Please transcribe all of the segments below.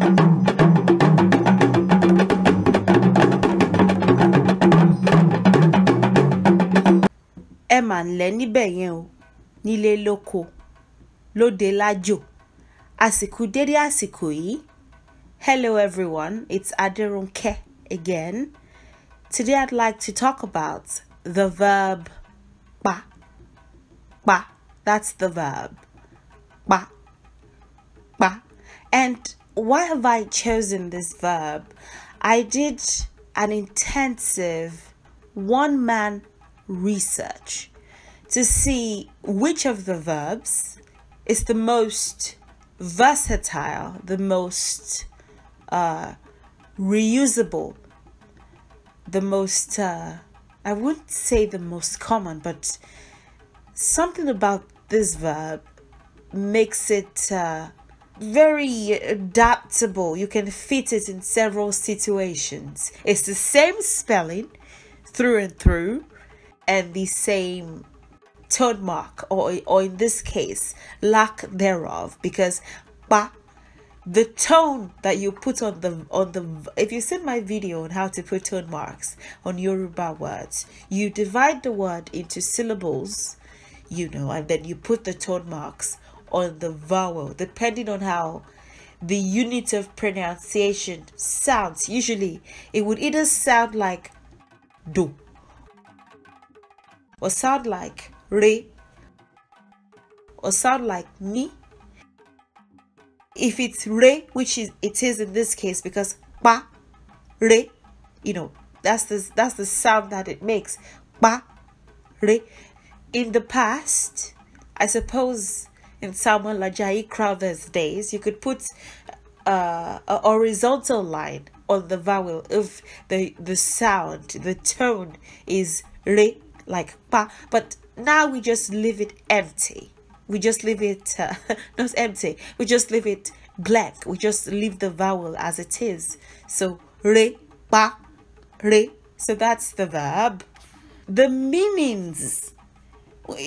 ẹ mà ǹlẹ́ níbẹ̀ yẹn o nílé lóko lóde lájò àsìkò dédé àsìkò yìí hello everyone it's Aderunke again today I'd like to talk about the verb pa pa that's the verb pa pa and why have I chosen this verb? I did an intensive one man research to see which of the verbs is the most versatile, the most uh, reusable, the most, uh, I wouldn't say the most common, but something about this verb makes it uh, very adaptable. You can fit it in several situations. It's the same spelling through and through and the same tone mark or, or in this case lack thereof because ba the tone that you put on the on the if you've seen my video on how to put tone marks on Yoruba words you divide the word into syllables you know and then you put the tone marks on the vowel, depending on how the unit of pronunciation sounds. Usually, it would either sound like do or sound like re or sound like me. If it's re, which is it is in this case because pa re, you know, that's the that's the sound that it makes. Pa re. In the past, I suppose in Samuel Ajayi Crowther's days, you could put uh, a horizontal line on the vowel if the the sound, the tone is re like pa. But now we just leave it empty. We just leave it uh, not empty. We just leave it blank. We just leave the vowel as it is. So re pa re. So that's the verb. The meanings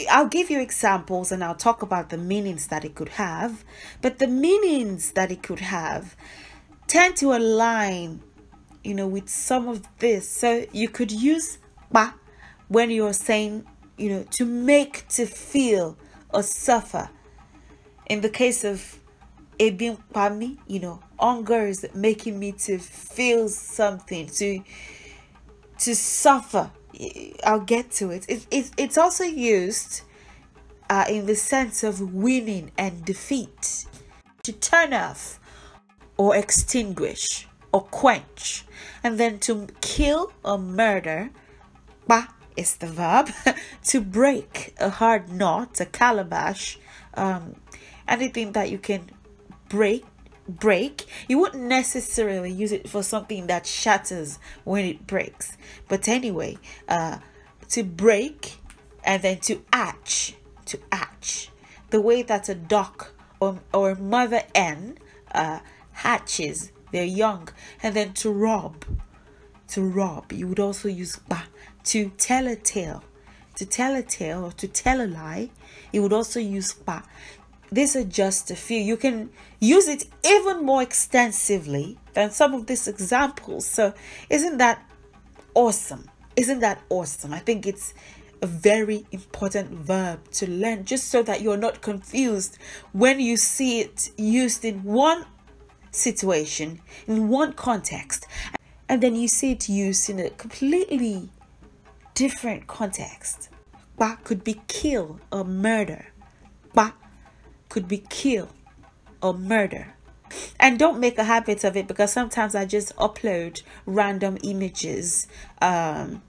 I'll give you examples and I'll talk about the meanings that it could have, but the meanings that it could have tend to align, you know, with some of this. So you could use ba when you're saying, you know, to make, to feel, or suffer. In the case of ebin pami, you know, hunger is making me to feel something, to to suffer I'll get to it. it, it it's also used uh, in the sense of winning and defeat, to turn off or extinguish or quench, and then to kill or murder. Ba is the verb to break a hard knot, a calabash, um, anything that you can break break, you wouldn't necessarily use it for something that shatters when it breaks. But anyway, uh, to break and then to hatch, to hatch, the way that a duck or, or mother hen uh, hatches their young, and then to rob, to rob. You would also use ba to tell a tale. To tell a tale or to tell a lie, you would also use pa these are just a few. You can use it even more extensively than some of these examples. So, isn't that awesome? Isn't that awesome? I think it's a very important verb to learn just so that you're not confused when you see it used in one situation, in one context, and then you see it used in a completely different context. Ba could be kill or murder. Ba could be kill or murder. And don't make a habit of it because sometimes I just upload random images um,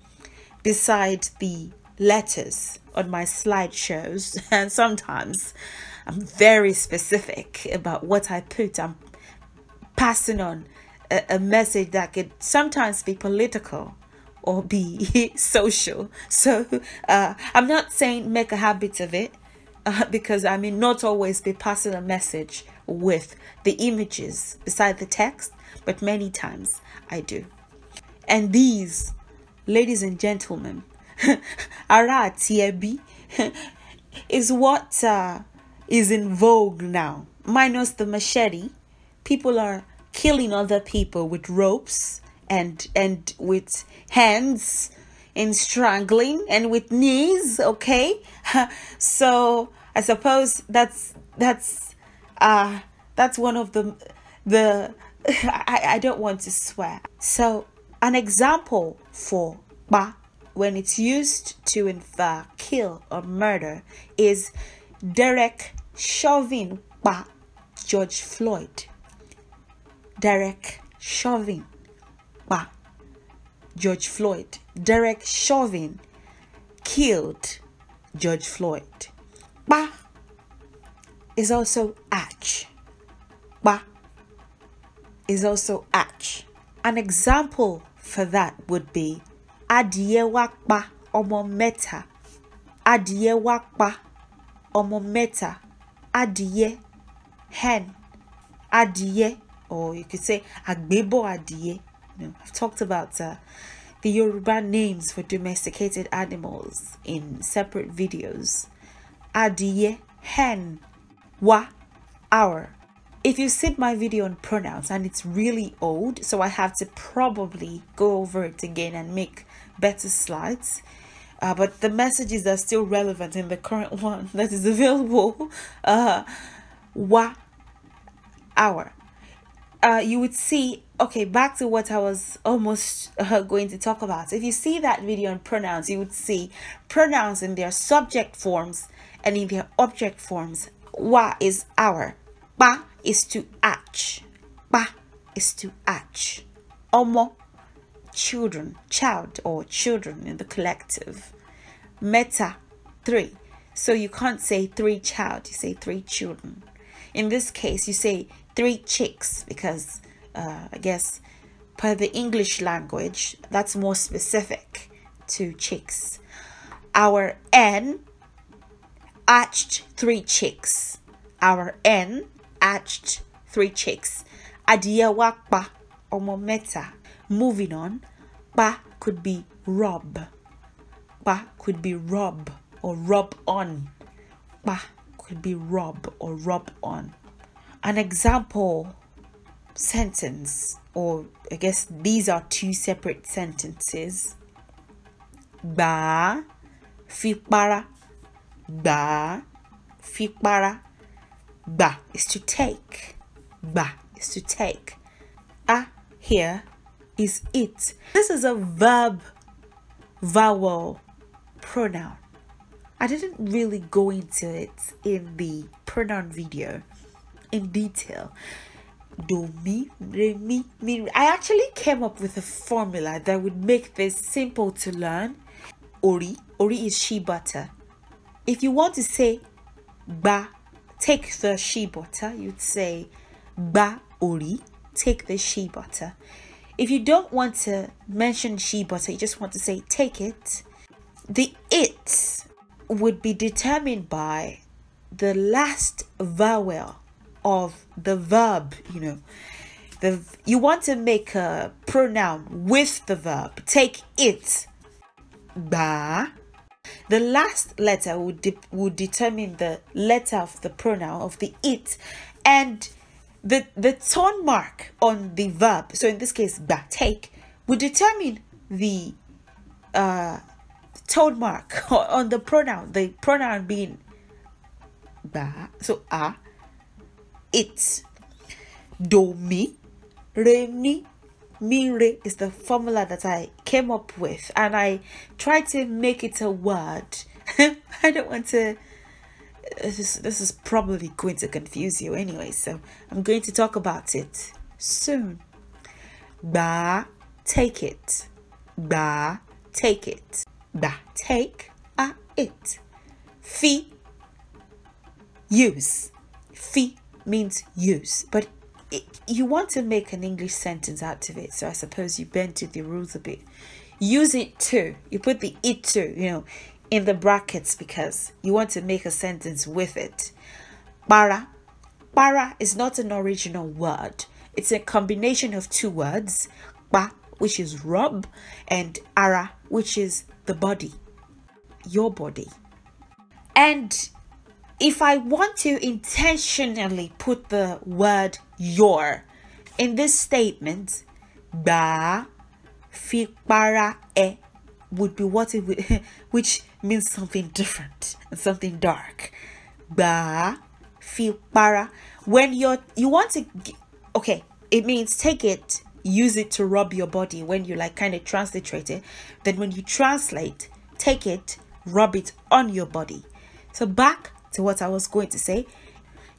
beside the letters on my slideshows. And sometimes I'm very specific about what I put. I'm passing on a, a message that could sometimes be political or be social. So uh, I'm not saying make a habit of it uh, because I may not always be passing a message with the images beside the text, but many times I do. And these, ladies and gentlemen, ara tiebi, is what uh, is in vogue now. Minus the machete, people are killing other people with ropes and and with hands and struggling and with knees, okay? so I suppose that's that's uh that's one of the the I, I don't want to swear. So an example for ba when it's used to infer kill or murder is Derek Chauvin ba George Floyd. Derek Chauvin. George Floyd. Derek Chauvin killed George Floyd. Ba is also arch. Ba is also arch. An example for that would be Adiewakba omometa mẹ́ta. Adiewakba ọmọ mẹ́ta. Adìyẹ hen. adie or you could say agbebo adie. You know, I've talked about uh, the Yoruba names for domesticated animals in separate videos. Adiye, hen, wa, our. If you've seen my video on pronouns and it's really old, so I have to probably go over it again and make better slides. Uh, but the messages are still relevant in the current one that is available. Uh, wa, our. Uh, you would see okay back to what i was almost uh, going to talk about if you see that video on pronouns you would see pronouns in their subject forms and in their object forms wa is our ba is to arch, ba is to ach omo children child or children in the collective meta three so you can't say three child you say three children in this case you say three chicks because uh, I guess, per the English language, that's more specific to chicks. Our N arched three chicks. Our N arched three chicks. Adiyewa omo omometa. Moving on, pa could be rob. Pa could be rob or rub on. Pa could be rob or rub on. An example sentence, or I guess these are two separate sentences. Ba fipara. Ba fipara. Ba is to take. Ba is to take. A here is it. This is a verb vowel pronoun. I didn't really go into it in the pronoun video in detail do mi re mi mi. I actually came up with a formula that would make this simple to learn. Ori ori is she butter. If you want to say ba, take the she butter. You'd say ba ori. Take the she butter. If you don't want to mention she butter, you just want to say take it. The it would be determined by the last vowel of the verb, you know. The, you want to make a pronoun with the verb. Take it. Ba. The last letter will, de determine the letter of the pronoun of the it and the, the tone mark on the verb. So in this case, ba, take, will determine the uh, tone mark on the pronoun, the pronoun being ba. So a it. Do mi, re mi, mi re is the formula that I came up with, and I tried to make it a word. I don't want to. This is, this is probably going to confuse you anyway, so I'm going to talk about it soon. Ba, take it. Ba, take it. Ba, take a it. Fi, use. Fi, means use, but it, you want to make an English sentence out of it. So I suppose you bent to the rules a bit. Use it to. You put the it to, you know, in the brackets because you want to make a sentence with it. Para. Para is not an original word. It's a combination of two words, ba, which is rub, and ara, which is the body, your body. And if I want to intentionally put the word your in this statement, ba fi para e would be what it would, which means something different and something dark. Ba fi para. When you're you want to okay, it means take it, use it to rub your body when you like kind of transliterate it. Then when you translate, take it, rub it on your body. So back to what I was going to say,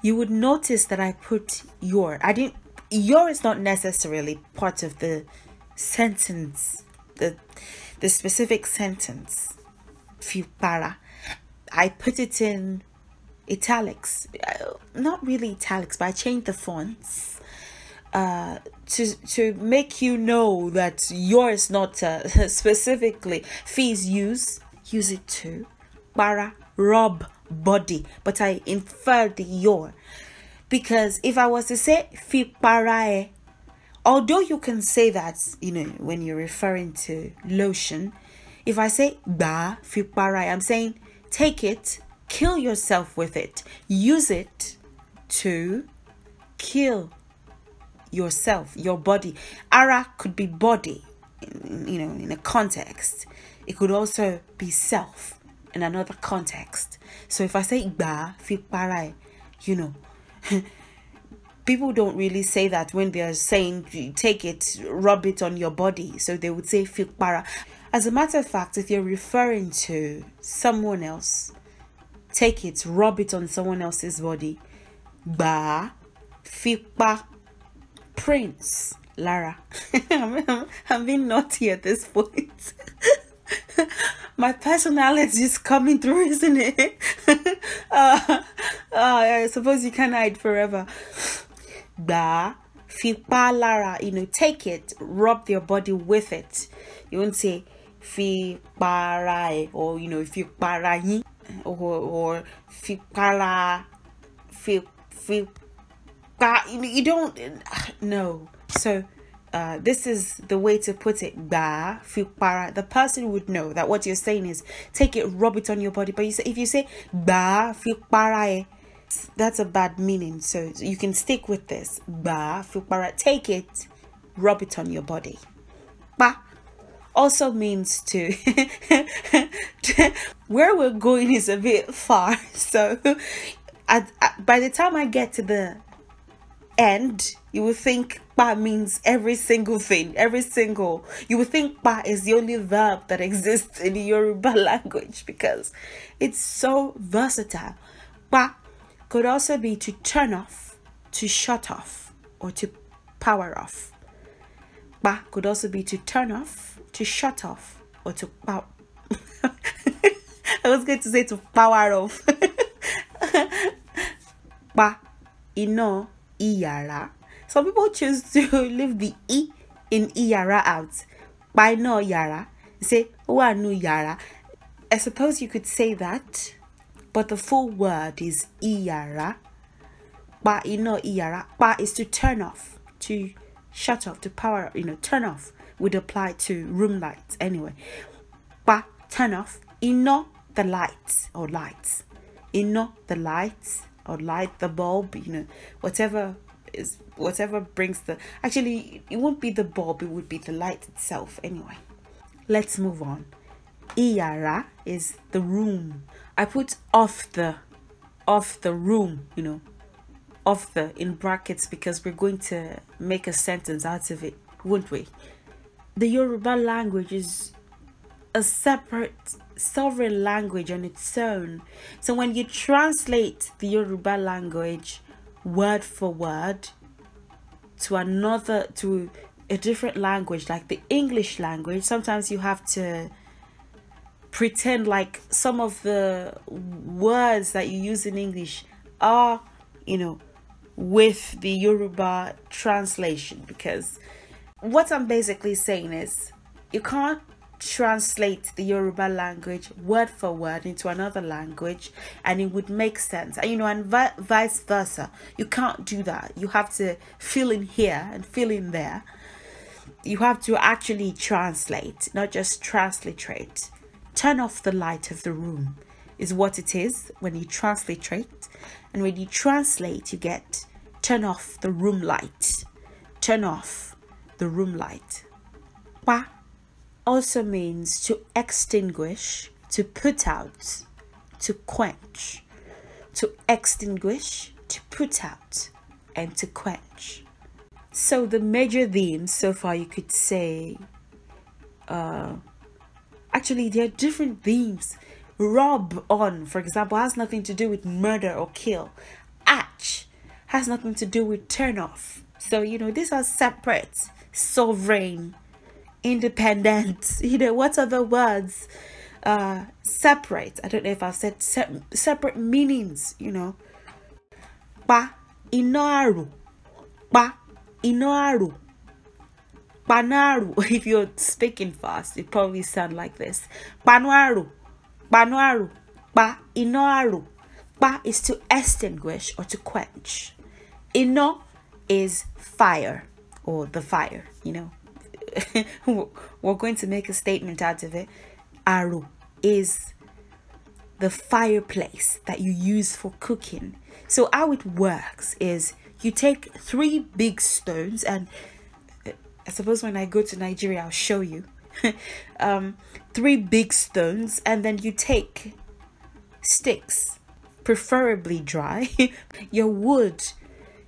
you would notice that I put your. I didn't. Your is not necessarily part of the sentence, the the specific sentence. para. I put it in italics. Uh, not really italics, but I changed the fonts. Uh, to to make you know that yours not uh, specifically fees use use it too para rob body, but I inferred your. Because if I was to say fiparae, although you can say that, you know, when you're referring to lotion, if I say ba fiparae, I'm saying take it, kill yourself with it, use it to kill yourself, your body. Ara could be body, you know, in a context. It could also be self in another context. So if I say igba fi you know, people don't really say that when they are saying take it, rub it on your body. So they would say fi As a matter of fact, if you're referring to someone else, take it, rub it on someone else's body. Ba, fipa, prince, Lara. I'm being naughty at this point. my personality is coming through, isn't it? uh, uh, I suppose you can hide forever. fipa lara, you know, take it, rub your body with it. You won't say fi para or you know fi para or or fi para fi fi you don't no so uh, this is the way to put it. Ba para. The person would know that what you're saying is take it, rub it on your body. But you say if you say ba para, eh, that's a bad meaning. So you can stick with this. Ba para. Take it, rub it on your body. Ba also means to where we're going is a bit far so I, I, by the time i get to the end you will think pa means every single thing, every single. You will think pa is the only verb that exists in the Yoruba language because it's so versatile. Pa could also be to turn off, to shut off, or to power off. Pa could also be to turn off, to shut off, or to power. I was going to say to power off. pa, ino, iyara. Some people choose to leave the E in Iyara out. By no Yara. Say Wanu Yara. I suppose you could say that, but the full word is Iyara. Ba ino Iyara. Ba is to turn off, to shut off, to power, you know, turn off would apply to room lights anyway. Ba, turn off. Ino, the lights or lights. Ino, the lights or light the bulb, you know, whatever is whatever brings the actually it won't be the bulb it would be the light itself anyway let's move on Iara is the room i put off the off the room you know off the in brackets because we're going to make a sentence out of it won't we the yoruba language is a separate sovereign language on its own. So when you translate the Yoruba language word for word, to another to a different language like the english language sometimes you have to pretend like some of the words that you use in english are you know with the yoruba translation because what i'm basically saying is you can't translate the Yoruba language word for word into another language and it would make sense. And you know, and vi vice versa. You can't do that. You have to fill in here and fill in there. You have to actually translate, not just transliterate. Turn off the light of the room is what it is when you transliterate. And when you translate, you get turn off the room light. Turn off the room light. Wah also means to extinguish, to put out, to quench. To extinguish, to put out, and to quench. So the major themes so far you could say, uh, actually there are different themes. Rob on, for example, has nothing to do with murder or kill. Atch has nothing to do with turn off. So, you know, these are separate, sovereign independent you know what are the words uh separate i don't know if i've said se- separate meanings you know pa inoaru pa inoaru panaru if you're speaking fast it probably sound like this panuaru panuaru pa inoaru pa is to extinguish or to quench ino is fire or the fire you know we're going to make a statement out of it. Aru is the fireplace that you use for cooking. So how it works is you take three big stones and I suppose when I go to Nigeria, I'll show you. um, three big stones and then you take sticks, preferably dry, your wood,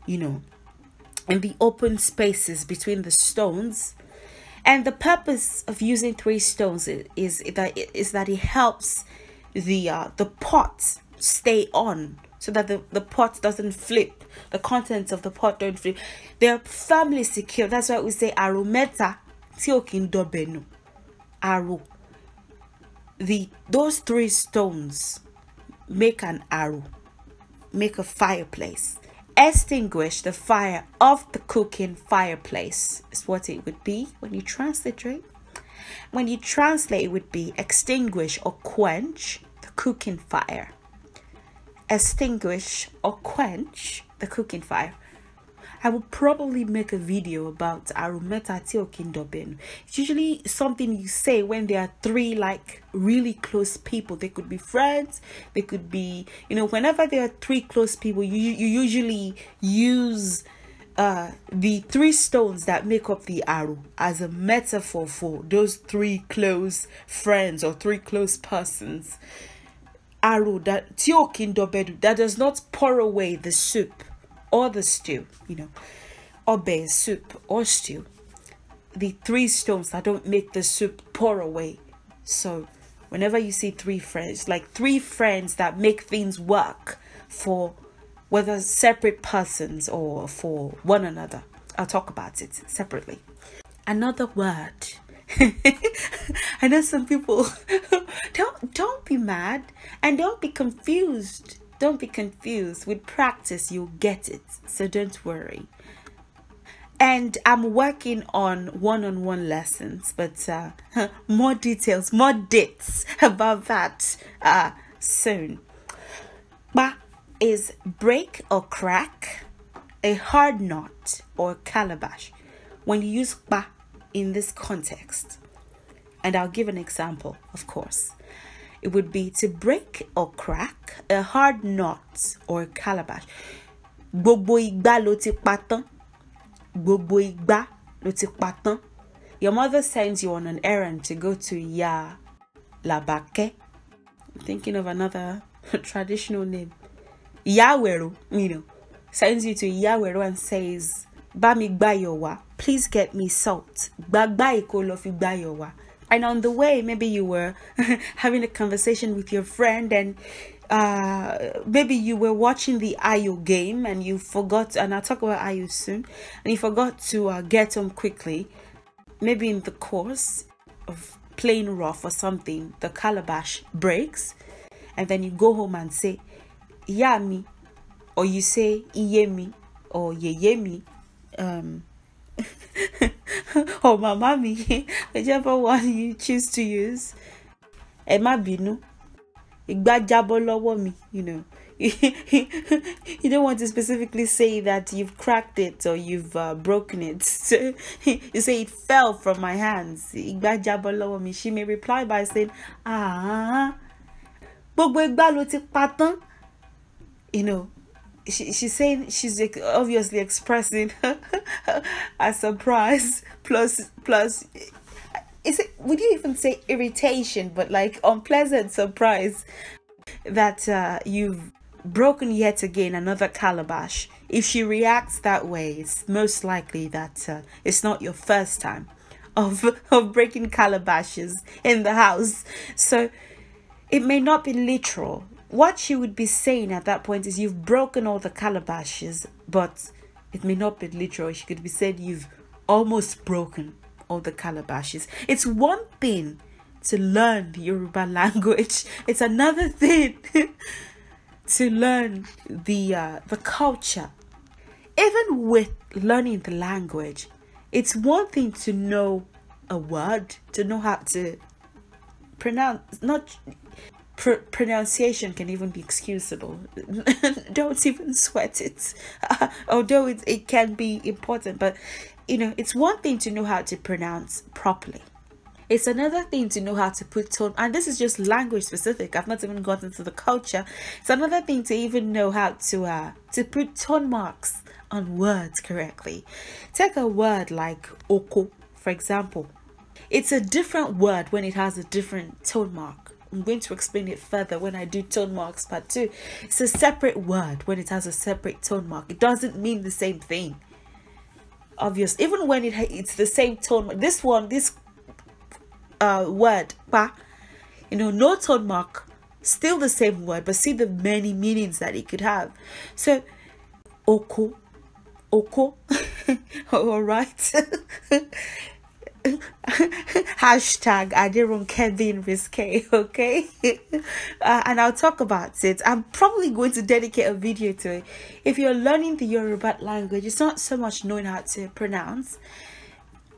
you know, in the open spaces between the stones and the purpose of using three stones is, is that that it helps the uh, the pot stay on so that the, the pot doesn't flip, the contents of the pot don't flip. They're firmly secure. That's why we say arometa tiokin dobenu. aru. The those three stones make an arrow, make a fireplace extinguish the fire of the cooking fireplace, is what it would be when you translate it. When you translate, it would be extinguish or quench the cooking fire. Extinguish or quench the cooking fire. I will probably make a video about Arumeta Teokindobenu. It's usually something you say when there are three like really close people. They could be friends, they could be, you know, whenever there are three close people, you, you usually use uh, the three stones that make up the arrow as a metaphor for those three close friends or three close persons. Arrow that Teokindobedu that does not pour away the soup or the stew, you know, or base soup or stew. The three stones that don't make the soup pour away. So, whenever you see three friends, like three friends that make things work for whether separate persons or for one another, I'll talk about it separately. Another word. I know some people don't don't be mad and don't be confused don't be confused. With practice, you'll get it. So don't worry. And I'm working on one on one lessons, but uh, more details, more dates about that uh, soon. Ba is break or crack, a hard knot or calabash. When you use ba in this context, and I'll give an example, of course it would be to break or crack a hard knot or calabash. Gbogbo igba lo ti patan. Gbogbo igba lo ti patan. Your mother sends you on an errand to go to Ya Labake. I'm thinking of another traditional name. Yawero, you know, sends you to Yawero and says, Bami gba wa. please get me salt. Gbagba iko lo fi gba and on the way maybe you were having a conversation with your friend and uh, maybe you were watching the IU game and you forgot, and I'll talk about IU soon, and you forgot to uh, get home quickly. Maybe in the course of playing rough or something, the calabash breaks, and then you go home and say, Yami, or you say, Iyemi, or Yeyemi. Um, oh my mommy, whichever one you choose to use. Ẹ bínú. Ìgbà jábọ́ lọ́wọ́ you know. you don't want to specifically say that you've cracked it or you've uh, broken it. So, you say it fell from my hands. Ìgbà jábọ́ lọ́wọ́ She may reply by saying, "Ah, ti You know, she, she's saying she's obviously expressing a surprise plus plus is it would you even say irritation but like unpleasant surprise that uh, you've broken yet again another calabash if she reacts that way it's most likely that uh, it's not your first time of of breaking calabashes in the house so it may not be literal what she would be saying at that point is, You've broken all the calabashes, but it may not be literal. She could be said, You've almost broken all the calabashes. It's one thing to learn the Yoruba language, it's another thing to learn the, uh, the culture. Even with learning the language, it's one thing to know a word, to know how to pronounce, not Pr pronunciation can even be excusable. Don't even sweat it. Uh, although it, it can be important, but you know, it's one thing to know how to pronounce properly. It's another thing to know how to put tone, and this is just language specific. I've not even gotten to the culture. It's another thing to even know how to uh, to put tone marks on words correctly. Take a word like oko, for example. It's a different word when it has a different tone mark I'm going to explain it further when I do tone marks part two. It's a separate word when it has a separate tone mark. It doesn't mean the same thing. Obvious. Even when it it's the same tone This one, this uh, word, pa, you know, no tone mark, still the same word, but see the many meanings that it could have. So, oko, oko, all right. hashtag Adirunke being risque, okay? uh, and I'll talk about it. I'm probably going to dedicate a video to it. If you're learning the Yoruba language, it's not so much knowing how to pronounce.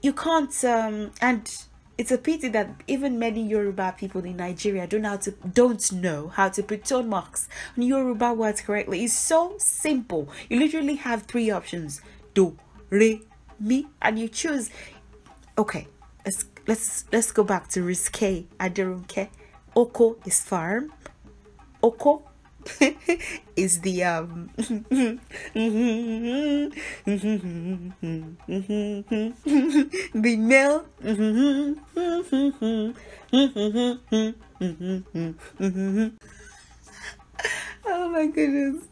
You can't, um, and it's a pity that even many Yoruba people in Nigeria don't know how to don't know how to put tone marks on Yoruba words correctly. It's so simple. You literally have three options: do, re, mi, and you choose okay let's let's let's go back to risque adirunke oko is farm oko is the um the male oh my goodness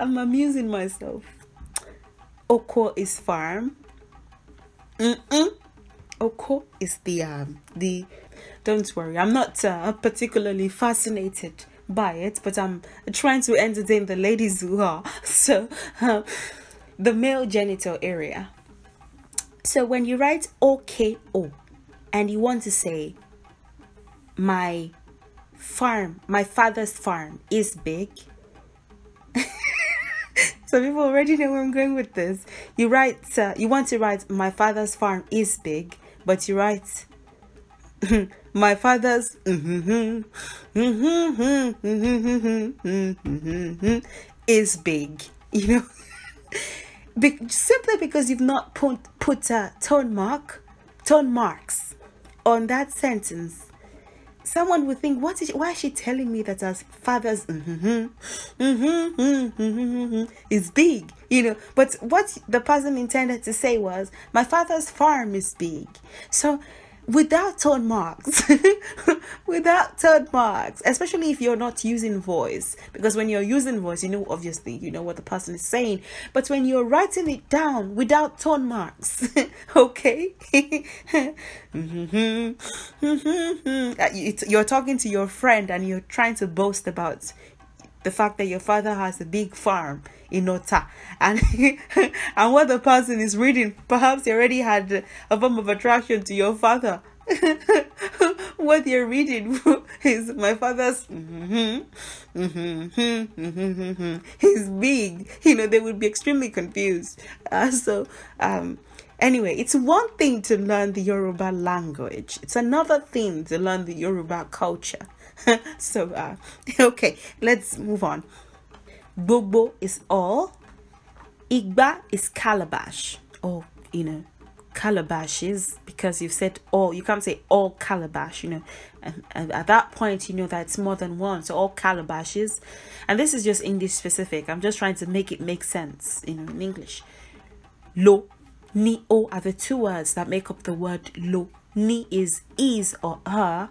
i'm amusing myself oko is farm Mm-mm. Oko is the um the don't worry, I'm not uh, particularly fascinated by it, but I'm trying to entertain the ladies who are. So, uh, the male genital area. So, when you write OKO and you want to say, my farm, my father's farm is big, so people already know where I'm going with this. You write, uh, you want to write, my father's farm is big, but you write, my father's is big, you know, Be simply because you've not put put a tone mark, tone marks on that sentence someone would think, what is she, why is she telling me that her father's mm-hmm, mm-hmm, mm-hmm, is big? You know, but what the person intended to say was, my father's farm is big. So without tone marks without tone marks especially if you're not using voice because when you're using voice you know obviously you know what the person is saying but when you're writing it down without tone marks okay mm-hmm. Mm-hmm. you're talking to your friend and you're trying to boast about the fact that your father has a big farm in Ota and and what the person is reading perhaps you already had a form of attraction to your father what you're reading is my father's mm-hmm, mm-hmm, mm-hmm, he's big you know they would be extremely confused uh, so um Anyway, it's one thing to learn the Yoruba language. It's another thing to learn the Yoruba culture. so uh, okay let's move on Bobo is all igba is calabash or oh, you know calabashes because you've said all you can't say all calabash you know and, at that point you know that it's more than one so all calabashes and this is just english specific i'm just trying to make it make sense you know in english lo ni o are the two words that make up the word lo ni is is or ah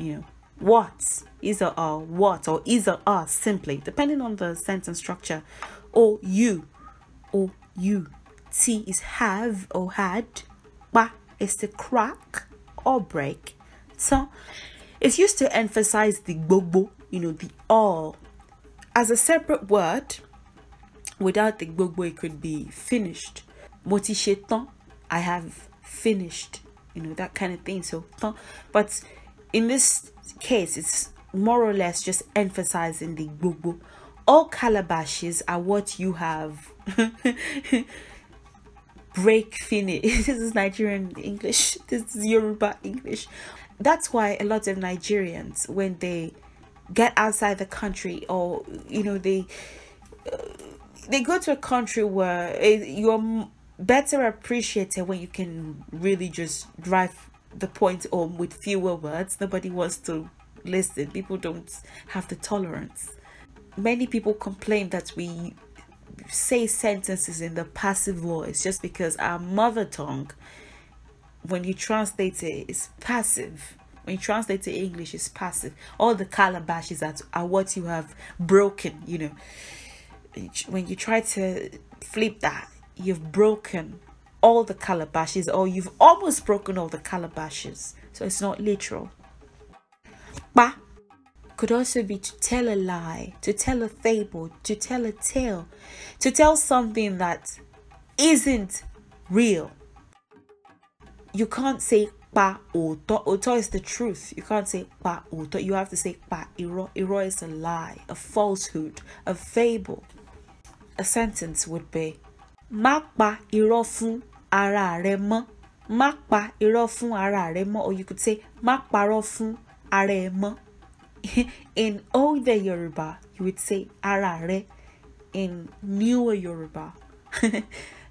you know, what, is or what, or is or simply, depending on the sentence structure, or you, or you. T is have or had, ba is to crack or break. So it's used to emphasize the bobo, you know, the all. As a separate word, without the bobo, it could be finished. Moti shetan, I have finished, you know, that kind of thing. So, but in this case, it's more or less just emphasizing the gugu. All calabashes are what you have. Break finish. this is Nigerian English. This is Yoruba English. That's why a lot of Nigerians, when they get outside the country or, you know, they. Uh, they go to a country where eh, you're better appreciated when you can really just drive the point home with fewer words. Nobody wants to listen. People don't have the tolerance. Many people complain that we say sentences in the passive voice just because our mother tongue, when you translate it, is passive. When you translate to English, it's passive. All the calabashes are, are what you have broken, you know. When you try to flip that, you've broken all the calabashes or you've almost broken all the calabashes. So it's not literal. Ba could also be to tell a lie, to tell a fable, to tell a tale, to tell something that isn't real. You can't say pa oto. Oto is the truth. You can't say pa oto. You have to say pa iro. Iro is a lie, a falsehood, a fable. A sentence would be ma pa iro fun ara rẹ mọ́ má pa irọ́ fún ara rẹ mọ́ or you could say má parọ́ fún ara ẹ mọ́ in older Yoruba you would say ara rẹ in newer Yoruba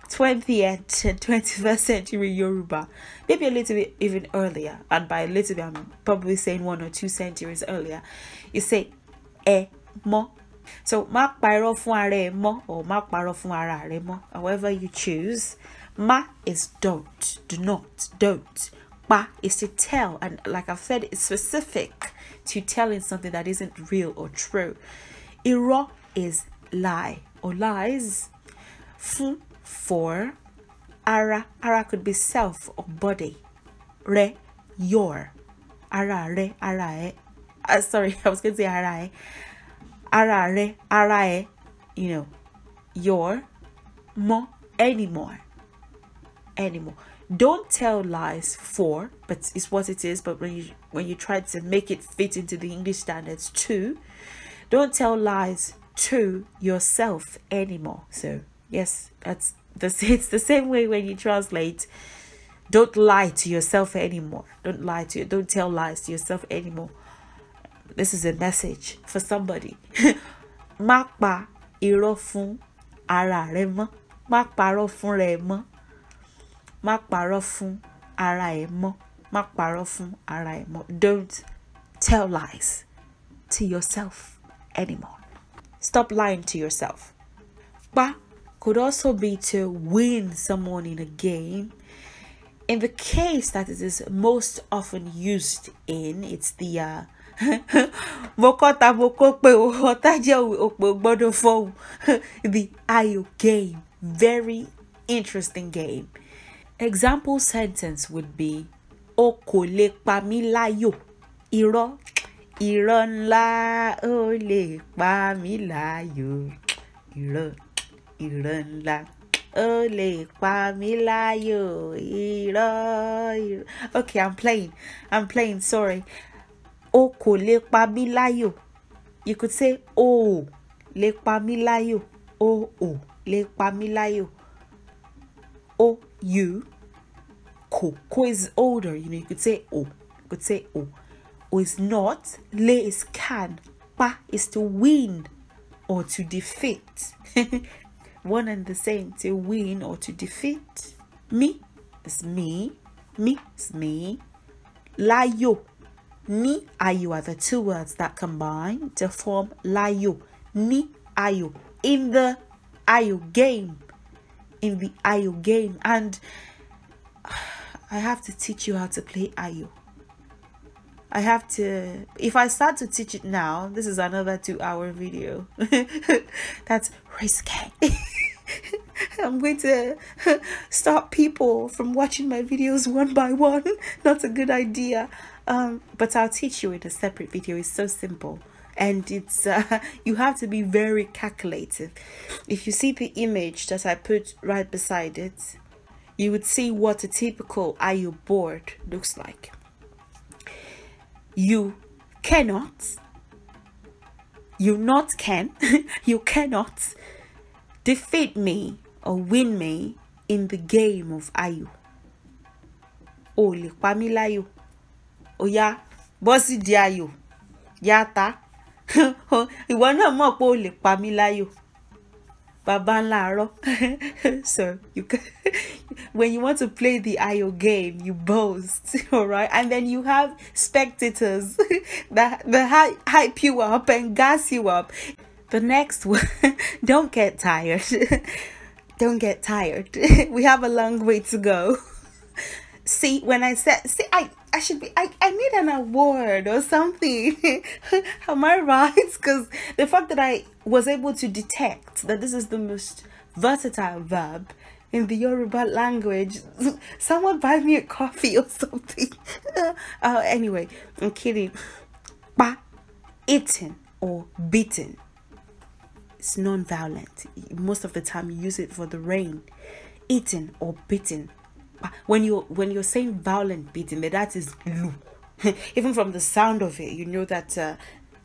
20th and 21st century Yoruba maybe a little bit even earlier and by a little bit I'm probably saying one or two centuries earlier you say ẹ mọ́ so, má parọ́ fún mọ́ or má parọ́ fún ara mọ́. However you choose, má is don't, do not, don't. Pa is to tell, and like I've said, it's specific to telling something that isn't real or true. Irọ́ is lie or lies. Fún for ara ara could be self or body. Re your ara re ara e. Uh, ah, sorry, I was going to say ara e. Arare, rẹ you know your mọ anymore anymore don't tell lies for but it's what it is but when you when you try to make it fit into the english standards too don't tell lies to yourself anymore so yes that's the it's the same way when you translate don't lie to yourself anymore don't lie to you don't tell lies to yourself anymore this is a message for somebody. Má pa irọ́ fún ara rẹ mọ́. Má parọ́ fún rẹ mọ́. Má parọ́ fún ara ẹ mọ́. Má parọ́ fún ara ẹ mọ́. Don't tell lies to yourself anymore. Stop lying to yourself. Pa could also be to win someone in a game. In the case that it is most often used in, it's the uh, mokota mokope otaje okpo gbodo fohun the io game very interesting game example sentence would be o kò lè pa mí láyò irọ́ irọ́ ńlá ó lè pa mí láyò irọ́ irọ́ ńlá ó lè pa mí láyò irọ́ irọ́ okay i'm playing i'm playing sorry o kò lè pa mí láyò you could say o ò lè pa mí láyò o ò lè pa mí láyò o you kò ko is older you know you could say o you could say o o is not lè is can pa is to win or to defeat one and the same to win or to defeat me is me me is me láyò ni ayu are the two words that combine to form layu. Ni ayu. In the ayu game. In the ayu game. And I have to teach you how to play ayu. I have to, if I start to teach it now, this is another two hour video. That's risky. I'm going to stop people from watching my videos one by one. Not a good idea. Um, but I'll teach you in a separate video. It's so simple. And it's uh, you have to be very calculative. If you see the image that I put right beside it, you would see what a typical IU board looks like. You cannot, you not can, you cannot defeat me or win me in the game of IU. Oh, lè pa mí Oya lè pa mí láyò baba ńlá so you can, when you want to play the ayo game you boast all right and then you have spectators that the hype you up and gas you up the next one don't get tired don't get tired we have a long way to go see when i said see i i should be i, I need an award or something am i right because the fact that i was able to detect that this is the most versatile verb in the yoruba language someone buy me a coffee or something uh, anyway i'm kidding but eaten or beaten it's non-violent most of the time you use it for the rain eaten or bitten Ah, when you when you're saying violent beating, that is lu. Even from the sound of it, you know that uh,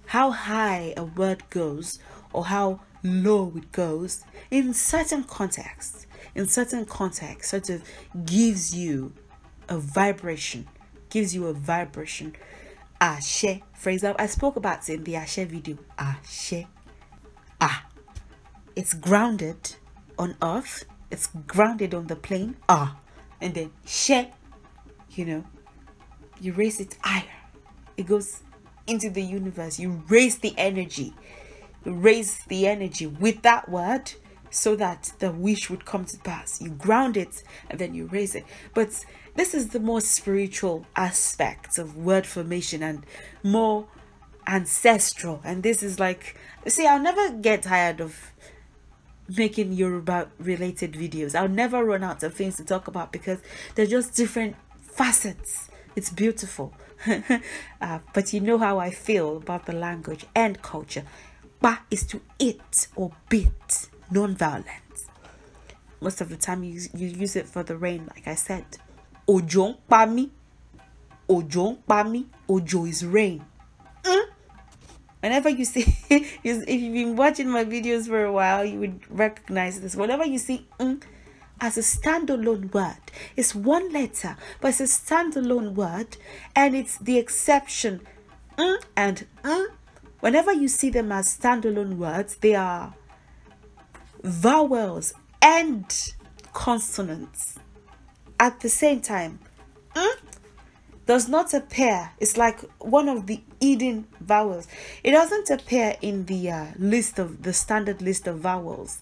how high a word goes or how low it goes in certain contexts. In certain contexts, sort of gives you a vibration, gives you a vibration. Ashe, for example, I spoke about it in the Ashe video. Ashe, ah, it's grounded on earth. It's grounded on the plane. Ah, and then she, you know, you raise it higher. It goes into the universe. You raise the energy. You raise the energy with that word so that the wish would come to pass. You ground it and then you raise it. But this is the more spiritual aspect of word formation and more ancestral. And this is like, see, I'll never get tired of making Yoruba related videos. I'll never run out of things to talk about because they're just different facets. It's beautiful. uh, but you know how I feel about the language and culture. Ba is to eat or beat, non violence Most of the time, you, you use it for the rain, like I said. Ojo pami. Ojo pami. Ojo is rain. Mm? whenever you see if you've been watching my videos for a while you would recognize this whenever you see mm, as a standalone word. It's one letter, but it's a standalone word and it's the exception. Mm and mm. Whenever you see them as standalone words, they are vowels and consonants at the same time. Mm does not appear. It's like one of the Eden vowels. It doesn't appear in the uh, list of the standard list of vowels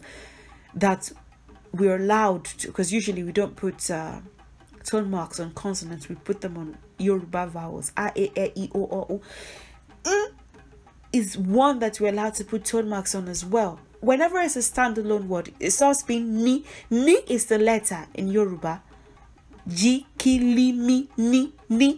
that we're allowed to, because usually we don't put uh, tone marks on consonants, we put them on Yoruba vowels. A, A, E, E, O, O, O. Mm is one that we're allowed to put tone marks on as well. Whenever it's a standalone word, it's always been ni. Ni is the letter in Yoruba Jikilimini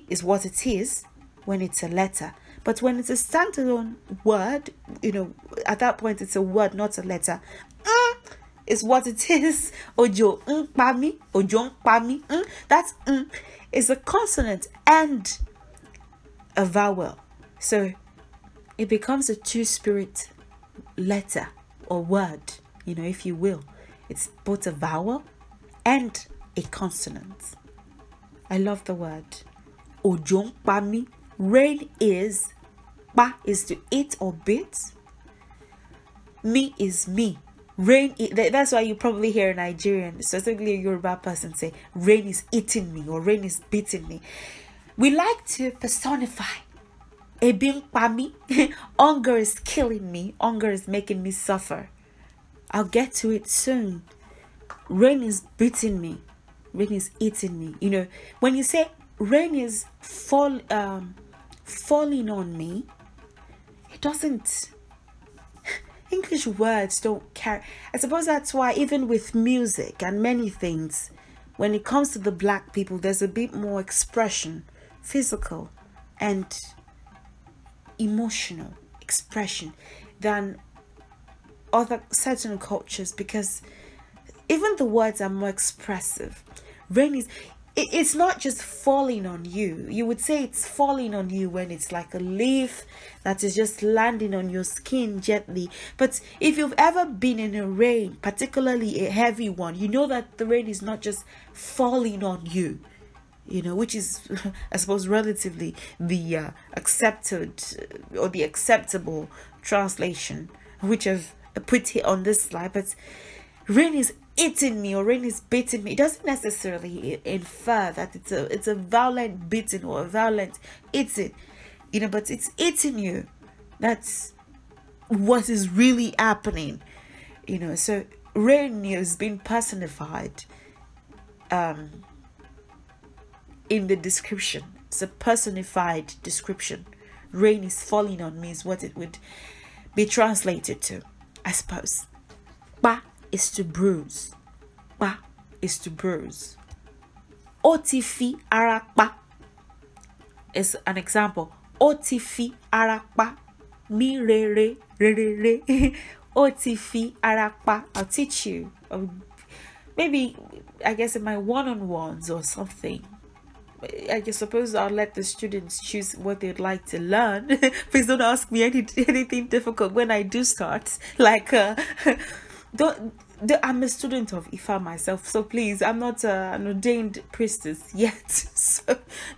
is what it is when it's a letter. But when it's a standalone word, you know, at that point it's a word, not a letter. Mm is what it is. Ojo mpami, ojo mpami. That's mm is a consonant and a vowel. So it becomes a two spirit letter or word, you know, if you will. It's both a vowel and a consonant. I love the word. Ojo pami. Rain is pa is to eat or beat. Me is me. Rain. That's why you probably hear a Nigerian, specifically a Yoruba person, say rain is eating me or rain is beating me. We like to personify. Ebin pami. Hunger is killing me. Hunger is making me suffer. I'll get to it soon. Rain is beating me rain is eating me you know when you say rain is fall um, falling on me it doesn't english words don't carry i suppose that's why even with music and many things when it comes to the black people there's a bit more expression physical and emotional expression than other certain cultures because even the words are more expressive rain is it's not just falling on you. You would say it's falling on you when it's like a leaf that is just landing on your skin gently. But if you've ever been in a rain, particularly a heavy one, you know that the rain is not just falling on you. You know, which is, I suppose, relatively the uh, accepted uh, or the acceptable translation, which I've put here on this slide. But rain is eating me or rain is beating me it doesn't necessarily infer that it's a it's a violent beating or a violent eating you know but it's eating you that's what is really happening you know so rain is being personified um in the description it's a personified description rain is falling on me is what it would be translated to i suppose but is to bruise. Pa is to bruise. Otifi arapa is an example. Otifi arapa. Mi re re re re re. Otifi arapa. I'll teach you. Um, maybe, I guess in my one-on-ones or something. I just suppose I'll let the students choose what they'd like to learn. Please don't ask me any anything difficult when I do start. Like, uh, don't I'm a student of Ifa myself, so please, I'm not uh, an ordained priestess yet, so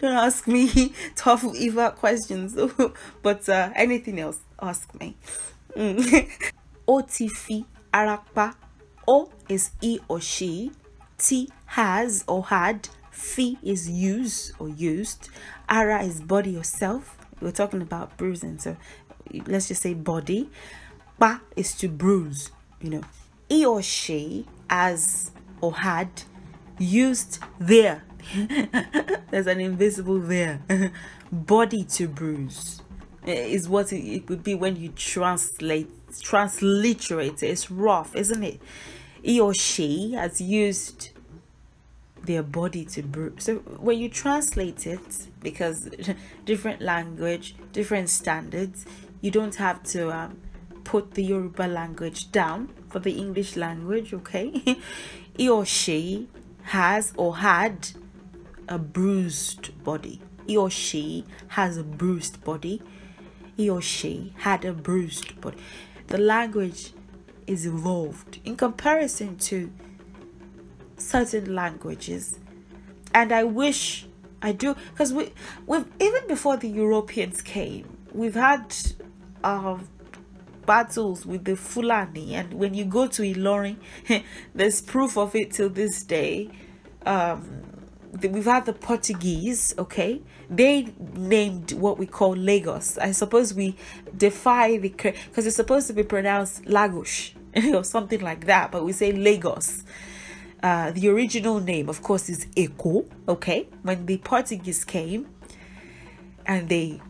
don't ask me tough Ifa questions. but uh, anything else, ask me. Mm. Otifi Arakpa. O is he or she. T has or had. Fi is use or used. Ara is body or self. We're talking about bruising, so let's just say body. Pa is to bruise, you know, he or she has or had used their there's an invisible there body to bruise eh, is what it would be when you translate transliterate it's rough isn't it he or she has used their body to bruise. So when you translate it, because different language, different standards, you don't have to um, put the Yoruba language down for the English language, okay? he or she has or had a bruised body. He or she has a bruised body. He or she had a bruised body. The language is evolved in comparison to certain languages. And I wish I do because we we've even before the Europeans came, we've had uh, battles with the Fulani. And when you go to Ilorin, there's proof of it till this day. Um, we've had the Portuguese, okay? They named what we call Lagos. I suppose we defy the because it's supposed to be pronounced Lagos or something like that, but we say Lagos. Uh, the original name, of course, is Eco, okay? When the Portuguese came and they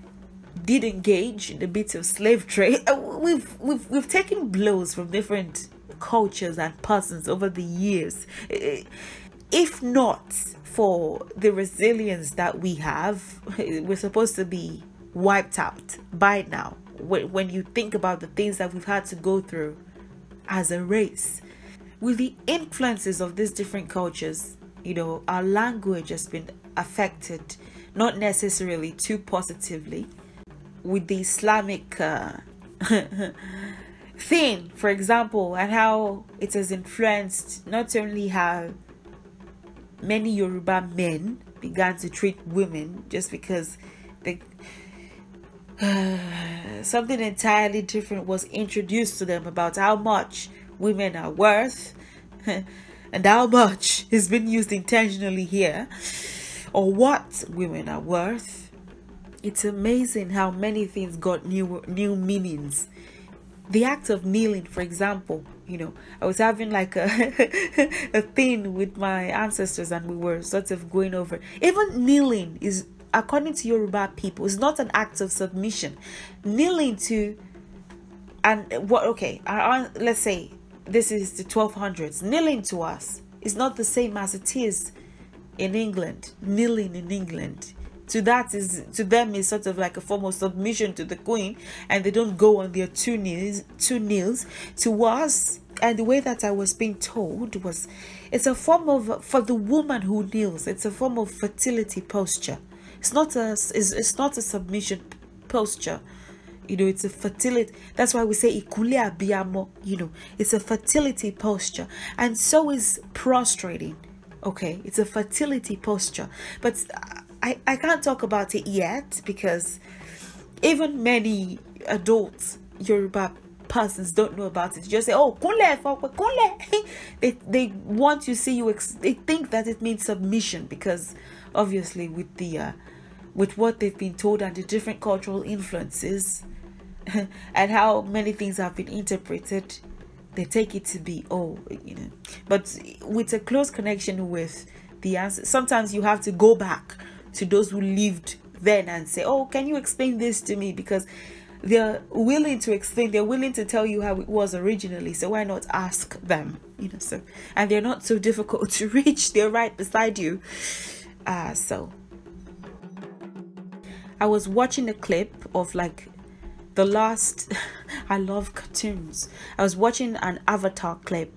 did engage in a bit of slave trade. We've we've we've taken blows from different cultures and persons over the years. If not for the resilience that we have, we're supposed to be wiped out by now. When when you think about the things that we've had to go through as a race, with the influences of these different cultures, you know, our language has been affected, not necessarily too positively, with the Islamic uh, thing, for example, and how it has influenced not only how many Yoruba men began to treat women just because they, uh, something entirely different was introduced to them about how much women are worth and how much is being used intentionally here or what women are worth it's amazing how many things got new new meanings. The act of kneeling, for example, you know, I was having like a a thing with my ancestors and we were sort of going over. Even kneeling is according to Yoruba people, it's not an act of submission. Kneeling to and what okay, our, let's say this is the 1200s. Kneeling to us is not the same as it is in England. Kneeling in England to that is to them is sort of like a form of submission to the queen and they don't go on their two knees two knees to us and the way that i was being told was it's a form of for the woman who kneels it's a form of fertility posture it's not a it's, it's not a submission posture you know it's a fertility that's why we say you know it's a fertility posture and so is prostrating okay it's a fertility posture but uh, I, I can't talk about it yet because even many adults, Yoruba persons don't know about it. You just say, oh, kunle, kule? they, they want to see you, they think that it means submission because obviously with the, uh, with what they've been told and the different cultural influences and how many things have been interpreted, they take it to be, oh, you know, but with a close connection with the answer, sometimes you have to go back to those who lived then and say, Oh, can you explain this to me? Because they're willing to explain, they're willing to tell you how it was originally. So why not ask them? You know, so and they're not so difficult to reach, they're right beside you. Uh, so I was watching a clip of like the last I love cartoons. I was watching an Avatar clip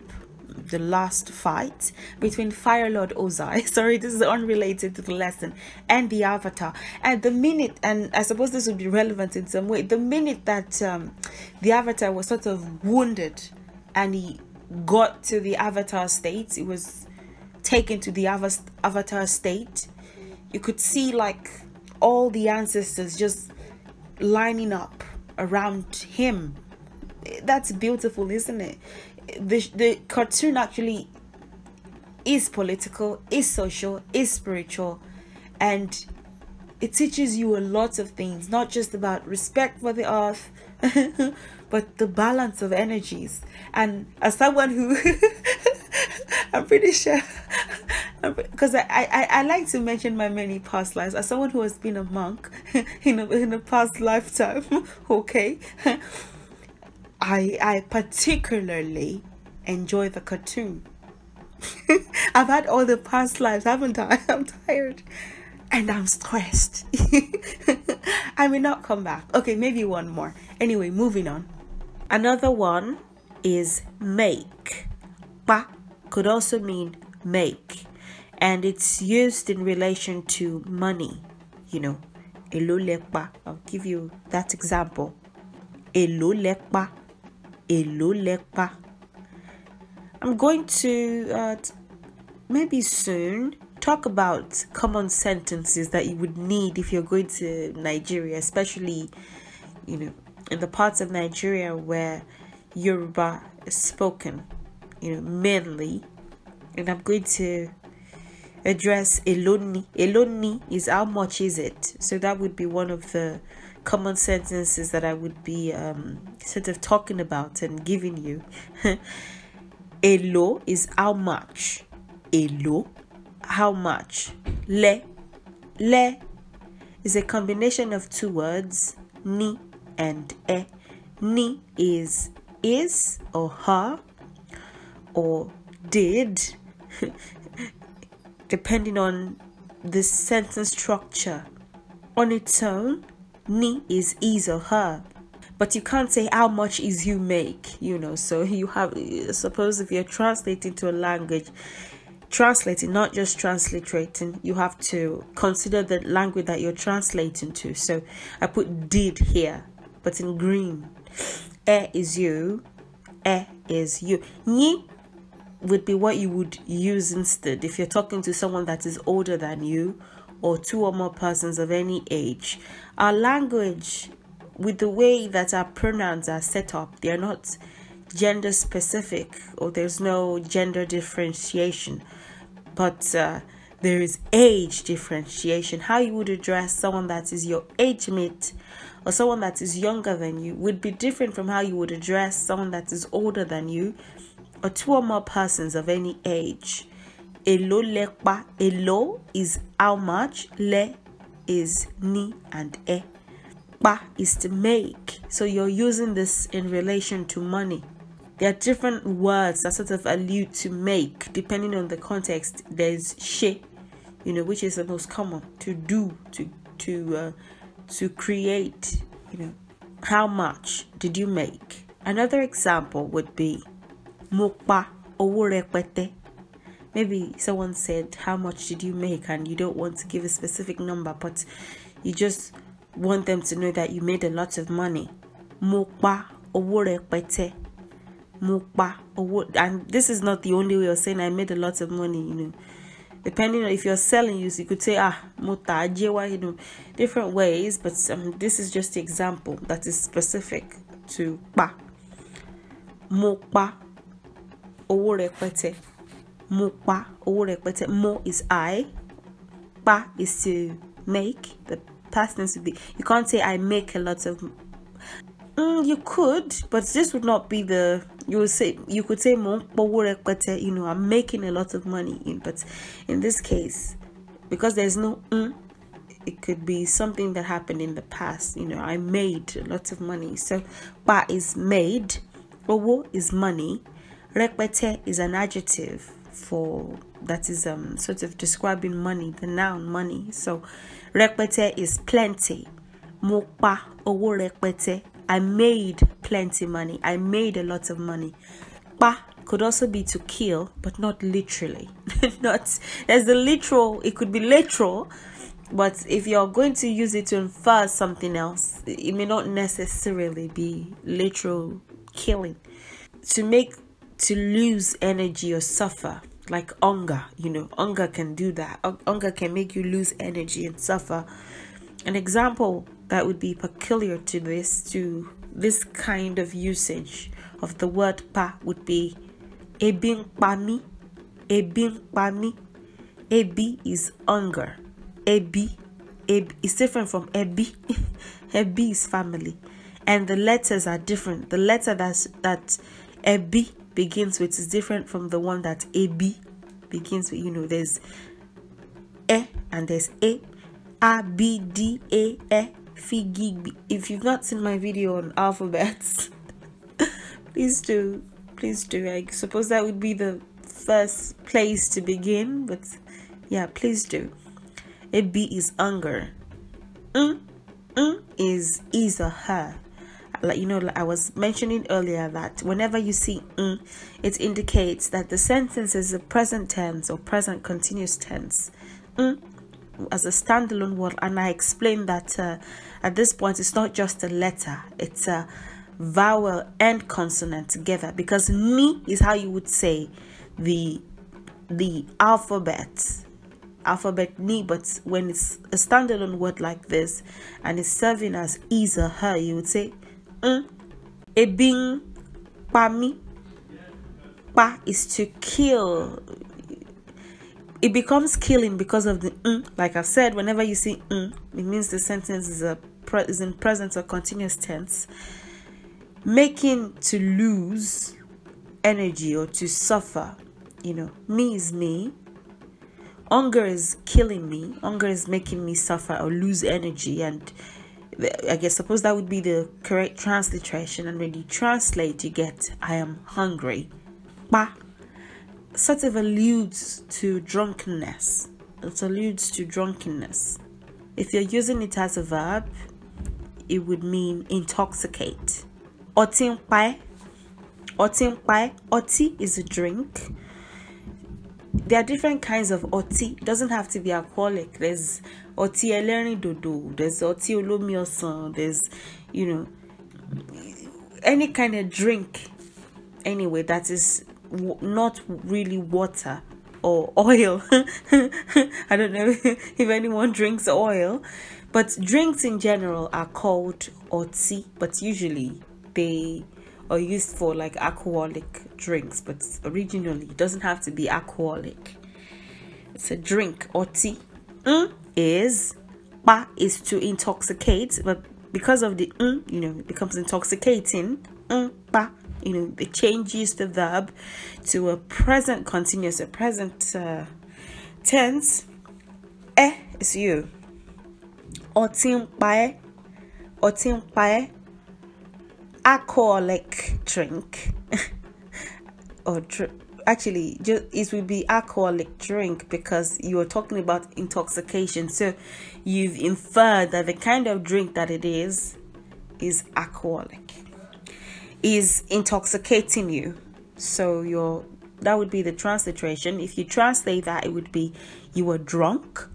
the last fight between Fire Lord Ozai. Sorry, this is unrelated to the lesson and the Avatar. And the minute, and I suppose this would be relevant in some way. The minute that um, the Avatar was sort of wounded, and he got to the Avatar state, he was taken to the Avatar state. You could see like all the ancestors just lining up around him. That's beautiful, isn't it? the the cartoon actually is political, is social, is spiritual, and it teaches you a lot of things, not just about respect for the earth, but the balance of energies. And as someone who I'm pretty sure because I, I, I like to mention my many past lives as someone who has been a monk in a, in a past lifetime okay I, I particularly enjoy the cartoon. I've had all the past lives, haven't I? I'm tired and I'm stressed. I may not come back. Okay, maybe one more. Anyway, moving on. Another one is make. Ba could also mean make, and it's used in relation to money. You know, elo lepa. I'll give you that example. Elo lepa èlò lẹ́pa i'm going to uh, maybe soon talk about common sentences that you would need if you're going to Nigeria, especially, you know, in the parts of Nigeria where Yoruba is spoken, you know, mainly. And I'm going to address Eloni. Eloni is how much is it? So that would be one of the common sentences that I would be um, sort of talking about and giving you. Elo is how much. Elo, how much. Le, le is a combination of two words, ni and e. Ni is is or her or did, depending on the sentence structure. On its own, Ni is is or her. But you can't say how much is you make, you know. So you have, suppose if you're translating to a language, translating, not just transliterating, you have to consider the language that you're translating to. So I put did here, but in green. E is you, E is you. Ni would be what you would use instead if you're talking to someone that is older than you or two or more persons of any age. Our language, with the way that our pronouns are set up, they are not gender specific or there's no gender differentiation, but uh, there is age differentiation. How you would address someone that is your age mate or someone that is younger than you would be different from how you would address someone that is older than you or two or more persons of any age. Elo lepa, Elo is how much. Le is ni and e. Pa is to make. So you're using this in relation to money. There are different words that sort of allude to make depending on the context. There's she, you know, which is the most common to do, to to uh, to create, you know. How much did you make? Another example would be mo owó rẹpẹtẹ maybe someone said how much did you make and you don't want to give a specific number but you just want them to know that you made a lot of money owó and this is not the only way of saying i made a lot of money you know depending on if you're selling you, you could say ah mo ta you know different ways but um, this is just the example that is specific to pa mo pa owó rẹpẹtẹ Mo pa owó rẹpẹtẹ. Mo is I. Pa is to make. The past tense would be. You can't say I make a lot of. Mm, you could, but this would not be the. You would say you could say mo owó rẹpẹtẹ. You know, I'm making a lot of money. But in this case, because there's no mm, it could be something that happened in the past you know i made a lot of money so pa is made owo is money rekpete is an adjective for that is um sort of describing money the noun money so rekpete is plenty mo owo rekpete i made plenty money i made a lot of money pa could also be to kill but not literally not there's the literal it could be literal but if you're going to use it to infer something else it may not necessarily be literal killing to make to lose energy or suffer like hunger you know hunger can do that hunger can make you lose energy and suffer an example that would be peculiar to this to this kind of usage of the word pa would be ebi pami," pa mí ebi mí ebi is hunger ebi ebi is different from ebi ebi is family and the letters are different the letter that's that ebi begins with is different from the one that AB begins with. You know, there's E and there's A R B D A E F G B. If you've not seen my video on alphabets, please do. Please do. I suppose that would be the first place to begin, but yeah, please do. A B is anger. Mm, mm is is or her like you know i was mentioning earlier that whenever you see mm, it indicates that the sentence is a present tense or present continuous tense mm, as a standalone word and i explained that uh, at this point it's not just a letter it's a vowel and consonant together because ni is how you would say the the alphabet alphabet ni but when it's a standalone word like this and it's serving as is or her you would say un. Ebi ń pa mí. Pa is to kill. It becomes killing because of the un. Like I've said, whenever you see un, it means the sentence is a is in present or continuous tense. Making to lose energy or to suffer. You know, me is me. Hunger is killing me. Hunger is making me suffer or lose energy and I guess suppose that would be the correct transliteration. And when you translate, you get I am hungry. Ba sort of alludes to drunkenness. It alludes to drunkenness. If you're using it as a verb, it would mean intoxicate. Otin pai. Otin pai. Oti is a drink there are different kinds of ọtí doesn't have to be alcoholic there's ọtí do. there's ọtí olómi there's you know any kind of drink anyway that is not really water or oil i don't know if anyone drinks oil but drinks in general are called ọtí but usually they or used for like alcoholic drinks, but originally it doesn't have to be alcoholic. It's a drink or tea. Mm is ba is to intoxicate, but because of the mm, you know, it becomes intoxicating. Mm, ba, you know, it changes the verb to a present continuous, a present uh, tense. Eh is you. Otin pae. Otin pae alcoholic drink or dr- actually just it will be alcoholic drink because you are talking about intoxication so you've inferred that the kind of drink that it is is alcoholic is intoxicating you so your that would be the transliteration if you translate that it would be you were drunk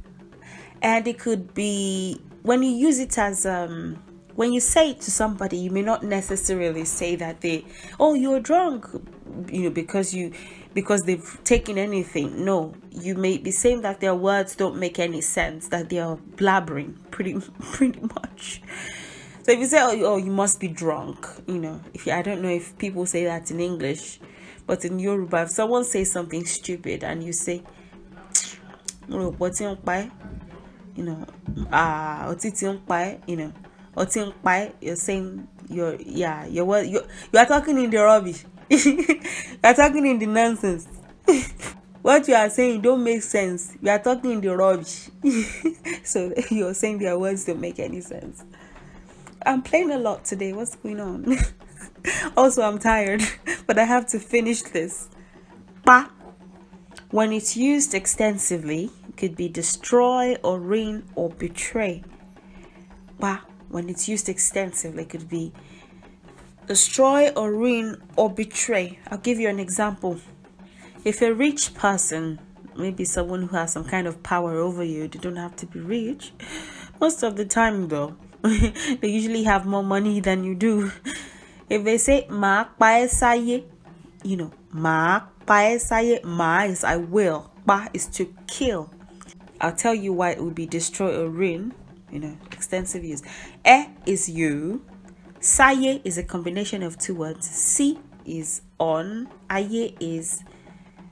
and it could be when you use it as um when you say it to somebody you may not necessarily say that they oh you're drunk you know because you because they've taken anything no you may be saying that their words don't make any sense that they are blabbering pretty pretty much so if you say oh, oh you must be drunk you know if you, i don't know if people say that in english but in yoruba if someone says something stupid and you say you know ah you know or tin pie, you're saying you're yeah, you're what you you are talking in the rubbish. you're talking in the nonsense. what you are saying don't make sense. You are talking in the rubbish. so you're saying their words don't make any sense. I'm playing a lot today. What's going on? also, I'm tired, but I have to finish this. Pa. When it's used extensively, it could be destroy or ruin or betray. Pa when it's used extensively it could be destroy or ruin or betray i'll give you an example if a rich person maybe someone who has some kind of power over you they don't have to be rich most of the time though they usually have more money than you do if they say ma paesaye you know ma paesaye ma is i will pa is to kill i'll tell you why it would be destroy or ruin you know, extensive use. E is you. Saye is a combination of two words. Si is on. Aye is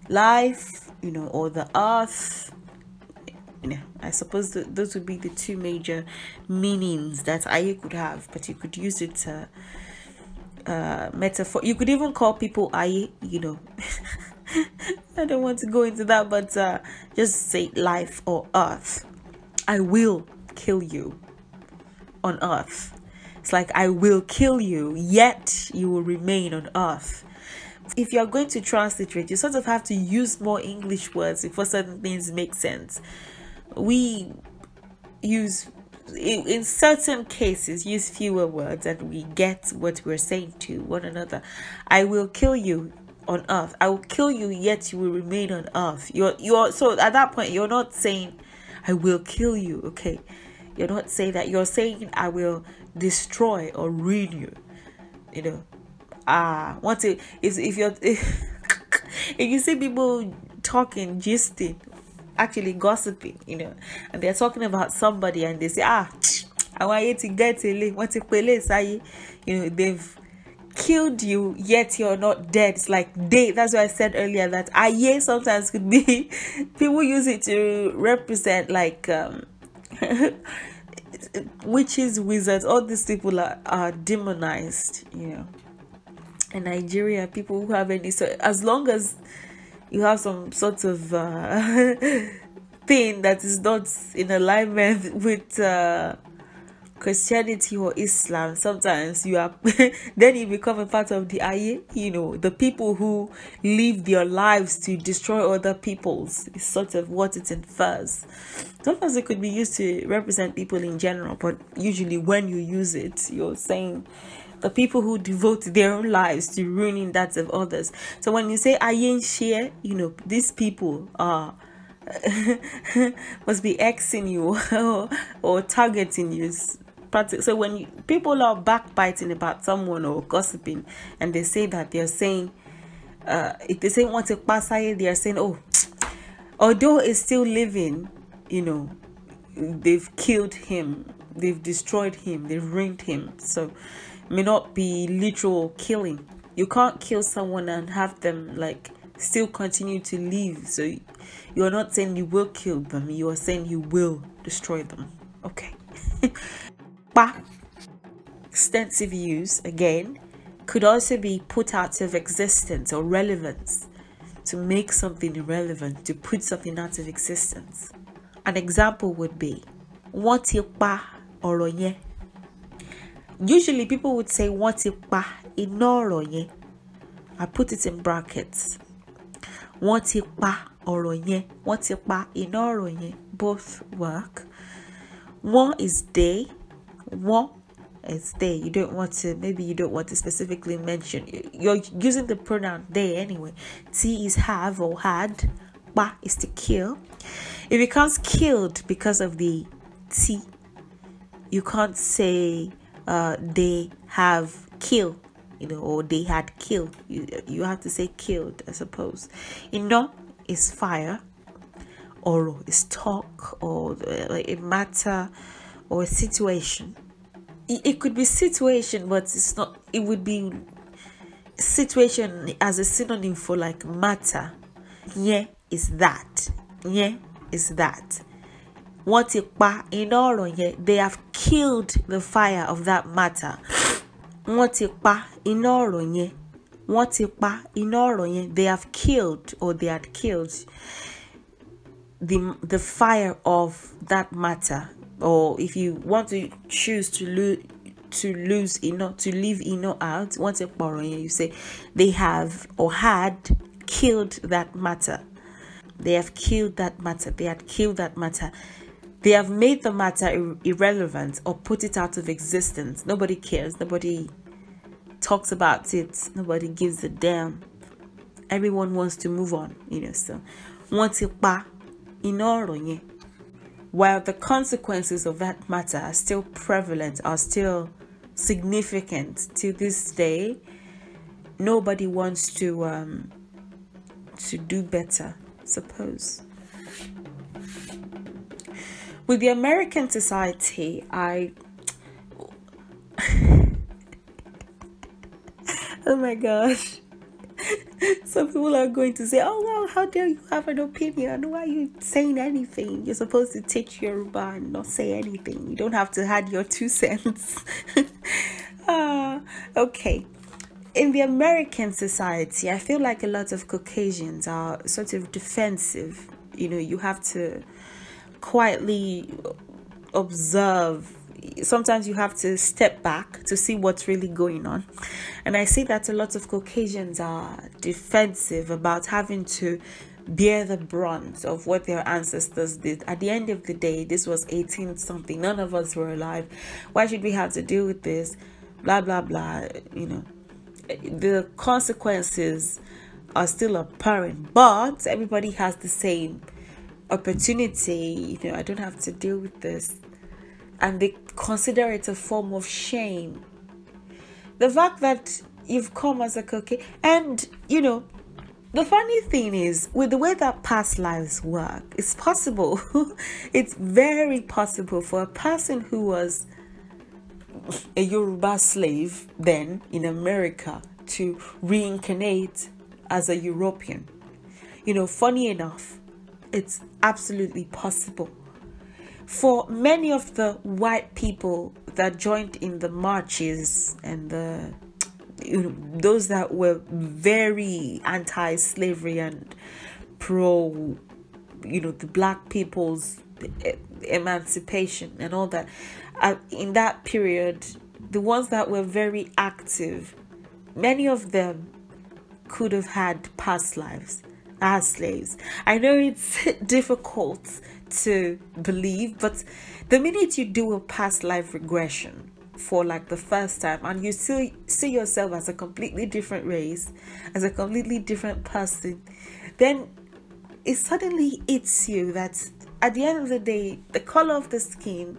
life, you know, or the earth. You know, I suppose those would be the two major meanings that aye could have, but you could use it uh, uh, metaphor. You could even call people I, you know. I don't want to go into that, but uh, just say life or earth. I will kill you on earth. It's like, I will kill you, yet you will remain on earth. If you're going to translate, you sort of have to use more English words before certain things make sense. We use, in certain cases, use fewer words and we get what we're saying to one another. I will kill you on earth. I will kill you, yet you will remain on earth. You're, you're, so at that point, you're not saying, I will kill you. Okay. You're not saying that. You're saying, I will destroy or ruin you. You know, ah, once it is, if you're, if, you see people talking, gisting, actually gossiping, you know, and they're talking about somebody and they say, ah, I want you to get a want to play, you know, they've killed you, yet you're not dead. It's like day. That's why I said earlier that aye sometimes could be people use it to represent like um witches, wizards. All these people are, are demonized, you know. In Nigeria, people who have any so as long as you have some sort of uh, thing that is not in alignment with. Uh, Christianity or Islam, sometimes you are then you become a part of the Aye, you know, the people who live their lives to destroy other peoples is sort of what it infers. Sometimes it could be used to represent people in general, but usually when you use it, you're saying the people who devote their own lives to ruining that of others. So when you say Aye share, you know, these people are must be Xing you or, or targeting you practice. So when you, people are backbiting about someone or gossiping, and they say that they're saying, uh, if they say want to pass away, they are saying, oh, although he's still living, you know, they've killed him, they've destroyed him, they've ruined him. So may not be literal killing. You can't kill someone and have them like still continue to live. So you're not saying you will kill them, you are saying you will destroy them. Okay. pa extensive use again could also be put out of existence or relevance to make something irrelevant to put something out of existence an example would be wọ́n pa ọ̀rọ̀ usually people would say wọ́n pa iná ọ̀rọ̀ I put it in brackets wọ́n pa ọ̀rọ̀ yẹn pa iná ọ̀rọ̀ both work one is they what is they you don't want to maybe you don't want to specifically mention you're using the pronoun they anyway t is have or had ba is to kill it becomes killed because of the t you can't say uh, they have kill you know or they had kill you, you have to say killed i suppose ino is fire or is talk or uh, a matter or a situation it, it could be situation, but it's not. It would be situation as a synonym for like matter. Yeah, is that. Yeah, is that. what ti pa iná ọ̀rọ̀ yẹn they have killed the fire of that matter wọ́n ti pa iná ọ̀rọ̀ yẹn wọ́n ti pa iná ọ̀rọ̀ yẹn they have killed or they had killed the, the fire of that matter or if you want to choose to lose to lose enough to leave or out once a borrower you say they have or had killed that matter they have killed that matter they had killed that matter they have made the matter ir- irrelevant or put it out of existence nobody cares nobody talks about it nobody gives a damn everyone wants to move on you know so once you pa in while the consequences of that matter are still prevalent, are still significant to this day, nobody wants to um, to do better. Suppose. With the American society, I oh my gosh Some people are going to say, Oh, well, how dare you have an opinion? Why are you saying anything? You're supposed to teach your and not say anything. You don't have to add your two cents. uh, okay. In the American society, I feel like a lot of Caucasians are sort of defensive. You know, you have to quietly observe sometimes you have to step back to see what's really going on. And I see that a lot of Caucasians are defensive about having to bear the brunt of what their ancestors did. At the end of the day, this was 18 something. None of us were alive. Why should we have to deal with this? Blah, blah, blah. You know, the consequences are still apparent, but everybody has the same opportunity. You know, I don't have to deal with this and they consider it a form of shame. The fact that you've come as a cookie, and you know, the funny thing is, with the way that past lives work, it's possible, it's very possible for a person who was a Yoruba slave then in America to reincarnate as a European. You know, funny enough, it's absolutely possible for many of the white people that joined in the marches and the you know, those that were very anti-slavery and pro you know the black people's emancipation and all that uh, in that period the ones that were very active many of them could have had past lives as slaves i know it's difficult to believe, but the minute you do a past life regression for like the first time and you see see yourself as a completely different race, as a completely different person, then it suddenly hits you that at the end of the day, the color of the skin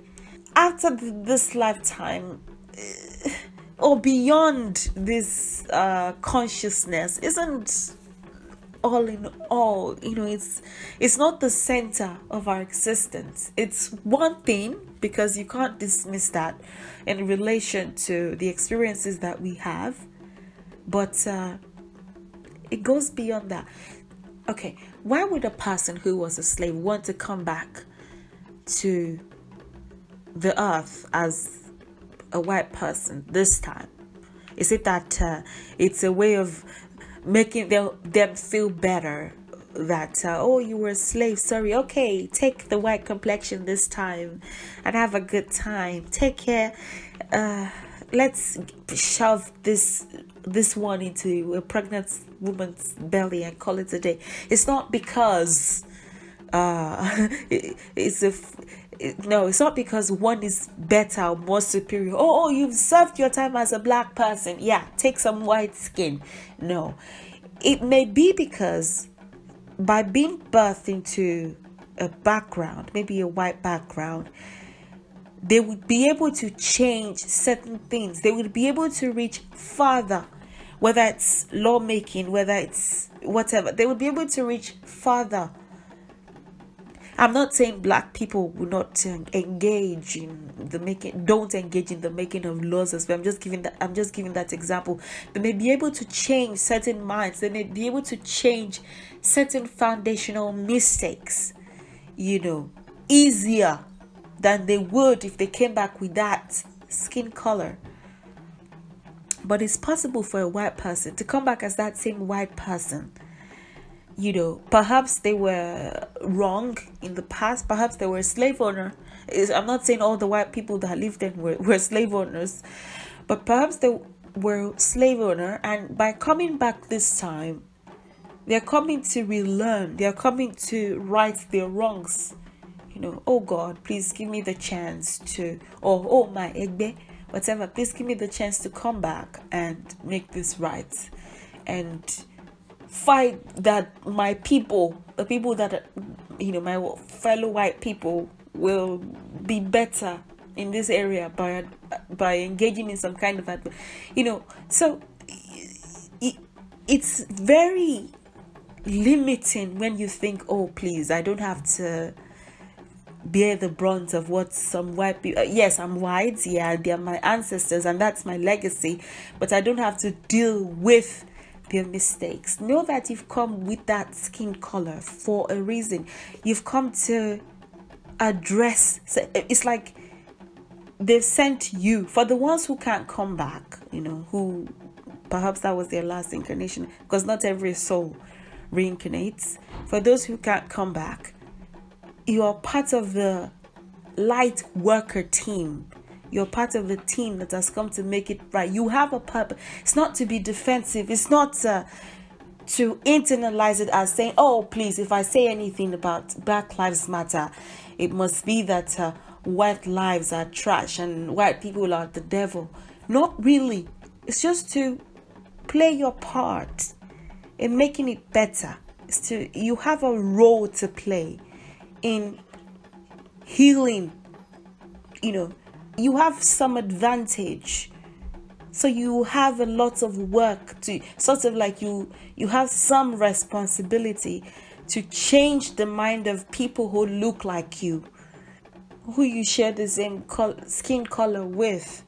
after this lifetime eh, or beyond this uh, consciousness isn't all in all you know it's it's not the center of our existence it's one thing because you can't dismiss that in relation to the experiences that we have but uh, it goes beyond that okay why would a person who was a slave want to come back to the earth as a white person this time is it that uh, it's a way of making them them feel better that uh, oh you were a slave sorry okay take the white complexion this time and have a good time take care uh, let's shove this this one into a pregnant woman's belly and call it a day it's not because uh, it, it's a no, it's not because one is better or more superior. Oh, oh, you've served your time as a black person. Yeah, take some white skin. No. It may be because by being birthed into a background, maybe a white background, they would be able to change certain things. They would be able to reach farther, whether it's lawmaking, whether it's whatever. They would be able to reach farther I'm not saying black people will not engage in the making, don't engage in the making of laws as well. I'm just giving that. I'm just giving that example. They may be able to change certain minds. They may be able to change certain foundational mistakes. You know, easier than they would if they came back with that skin color. But it's possible for a white person to come back as that same white person you know perhaps they were wrong in the past perhaps they were slave owner. i'm not saying all the white people that lived there were, were slave owners but perhaps they were slave owner and by coming back this time they're coming to relearn they're coming to right their wrongs you know oh god please give me the chance to or oh my egbe whatever please give me the chance to come back and make this right and fight that my people, the people that, you know, my fellow white people will be better in this area by by engaging in some kind of that, you know so it, it's very limiting when you think oh please i don't have to bear the brunt of what some white people uh, yes i'm white yeah they're my ancestors and that's my legacy but i don't have to deal with their mistakes. Know that you've come with that skin color for a reason. You've come to address. Eh, it's like they've sent you for the ones who can't come back, you know, who perhaps that was their last incarnation, because not every soul reincarnates. For those who can't come back, you are part of the light worker team you're part of a team that has come to make it right. You have a purpose. It's not to be defensive. It's not uh, to internalize it as saying, "Oh, please, if I say anything about Black Lives Matter, it must be that uh, white lives are trash and white people are the devil." Not really. It's just to play your part in making it better. It's to you have a role to play in healing you know you have some advantage so you have a lot of work to sort of like you you have some responsibility to change the mind of people who look like you who you share the same skin color with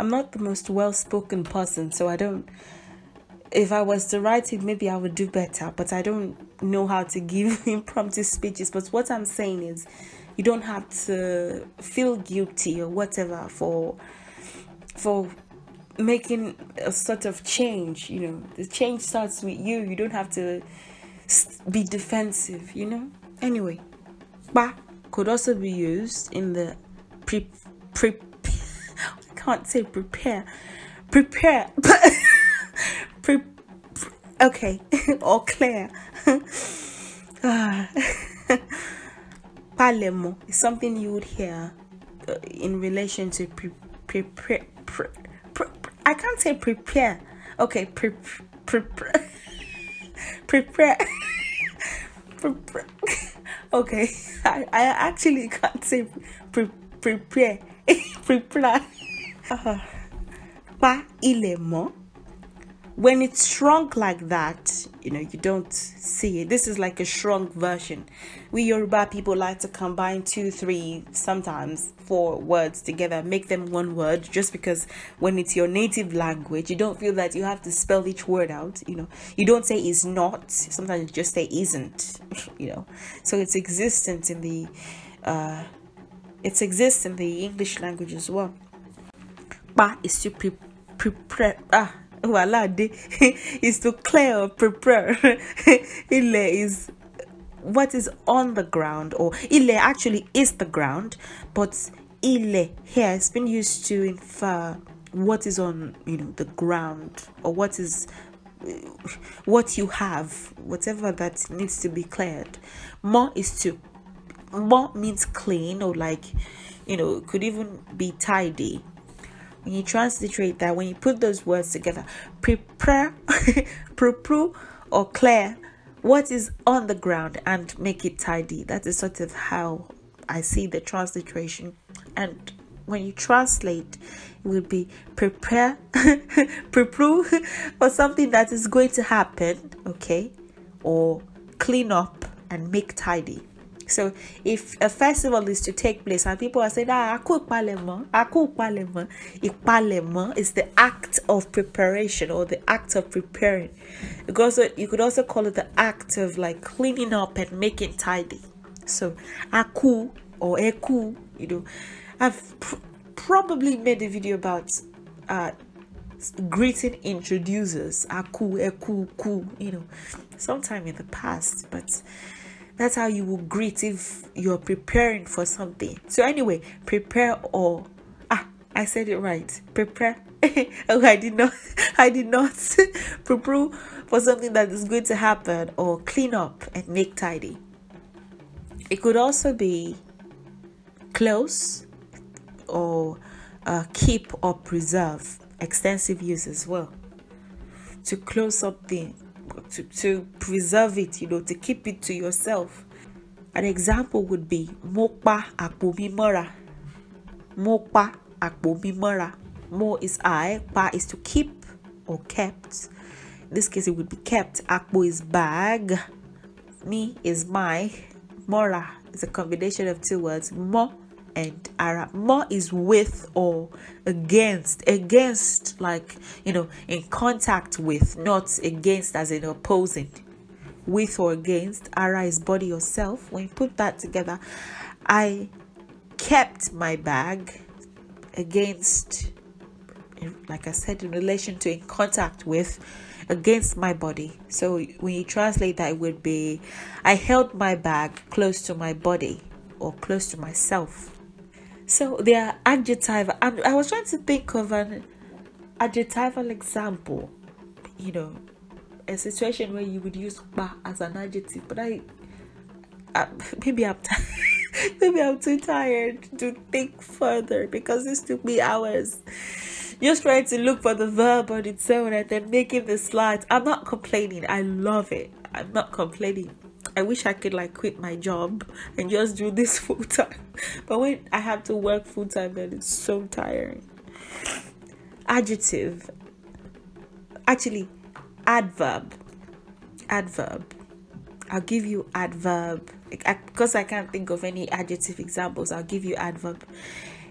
i'm not the most well-spoken person so i don't if i was to write it maybe i would do better but i don't know how to give impromptu speeches but what i'm saying is you don't have to feel guilty or whatever for for making a sort of change you know the change starts with you you don't have to be defensive you know anyway ba could also be used in the pre pre I can't say prepare prepare pre, pre okay or clear ah palemo is something you would hear in relation to pre- pre- pre- pre- pre- I can't say prepare. Okay, pre- pre- pre- prepare. prepare. okay, I, I actually can't say pre- prepare. prepare. uh, pa ilemo when it's shrunk like that, you know, you don't see it. This is like a shrunk version. We Yoruba people like to combine two, three, sometimes four words together, make them one word, just because when it's your native language, you don't feel that you have to spell each word out. You know, you don't say is not, sometimes you just say isn't, you know. So it's existent in the, uh, it's exist in the English language as well. But is to pre, pre, pre ah is to clear or prepare. Ile is what is on the ground, or Ile actually is the ground, but Ile here has been used to infer what is on you know the ground or what is what you have, whatever that needs to be cleared. mo is to mo means clean or like you know could even be tidy when you transliterate that, when you put those words together, prepare, prepare or clear what is on the ground and make it tidy. That is sort of how I see the transliteration. And when you translate, it will be prepare, prepare for something that is going to happen, okay, or clean up and make tidy. So if a festival is to take place and people are saying, ah, aku palemo, aku palemo, ipalemo is the act of preparation or the act of preparing. You could also, you could also call it the act of like cleaning up and making tidy. So aku or eku, you know, I've pr probably made a video about uh, greeting introducers, aku, eku, ku, you know, sometime in the past, but that's how you will greet if you're preparing for something. So, anyway, prepare or ah, I said it right. Prepare. oh, I did not, I did not prepare for something that is going to happen or clean up and make tidy. It could also be close or uh, keep or preserve extensive use as well. To close something to, to preserve it, you know, to keep it to yourself. An example would be Mokpa Akpomimora. Mokpa akubimora. Mo is I, Pa is to keep or kept. In this case, it would be kept. Akpo is bag. Me is my. Mora is a combination of two words. Mo and Ara More is with or against, against, like, you know, in contact with, not against as in opposing. With or against, Ara is body or self. When you put that together, I kept my bag against, like I said, in relation to in contact with, against my body. So when you translate that, it would be I held my bag close to my body or close to myself. So are adjective. i I was trying to think of an adjectival example. You know, a situation where you would use ba as an adjective, but I, I maybe I'm maybe I'm too tired to think further because this took me hours. Just trying to look for the verb on its own and then making the slides. I'm not complaining. I love it. I'm not complaining. I wish I could like quit my job and just do this full time. But when I have to work full time, then it's so tiring. Adjective. Actually, adverb. Adverb. I'll give you adverb because I, I can't think of any adjective examples. I'll give you adverb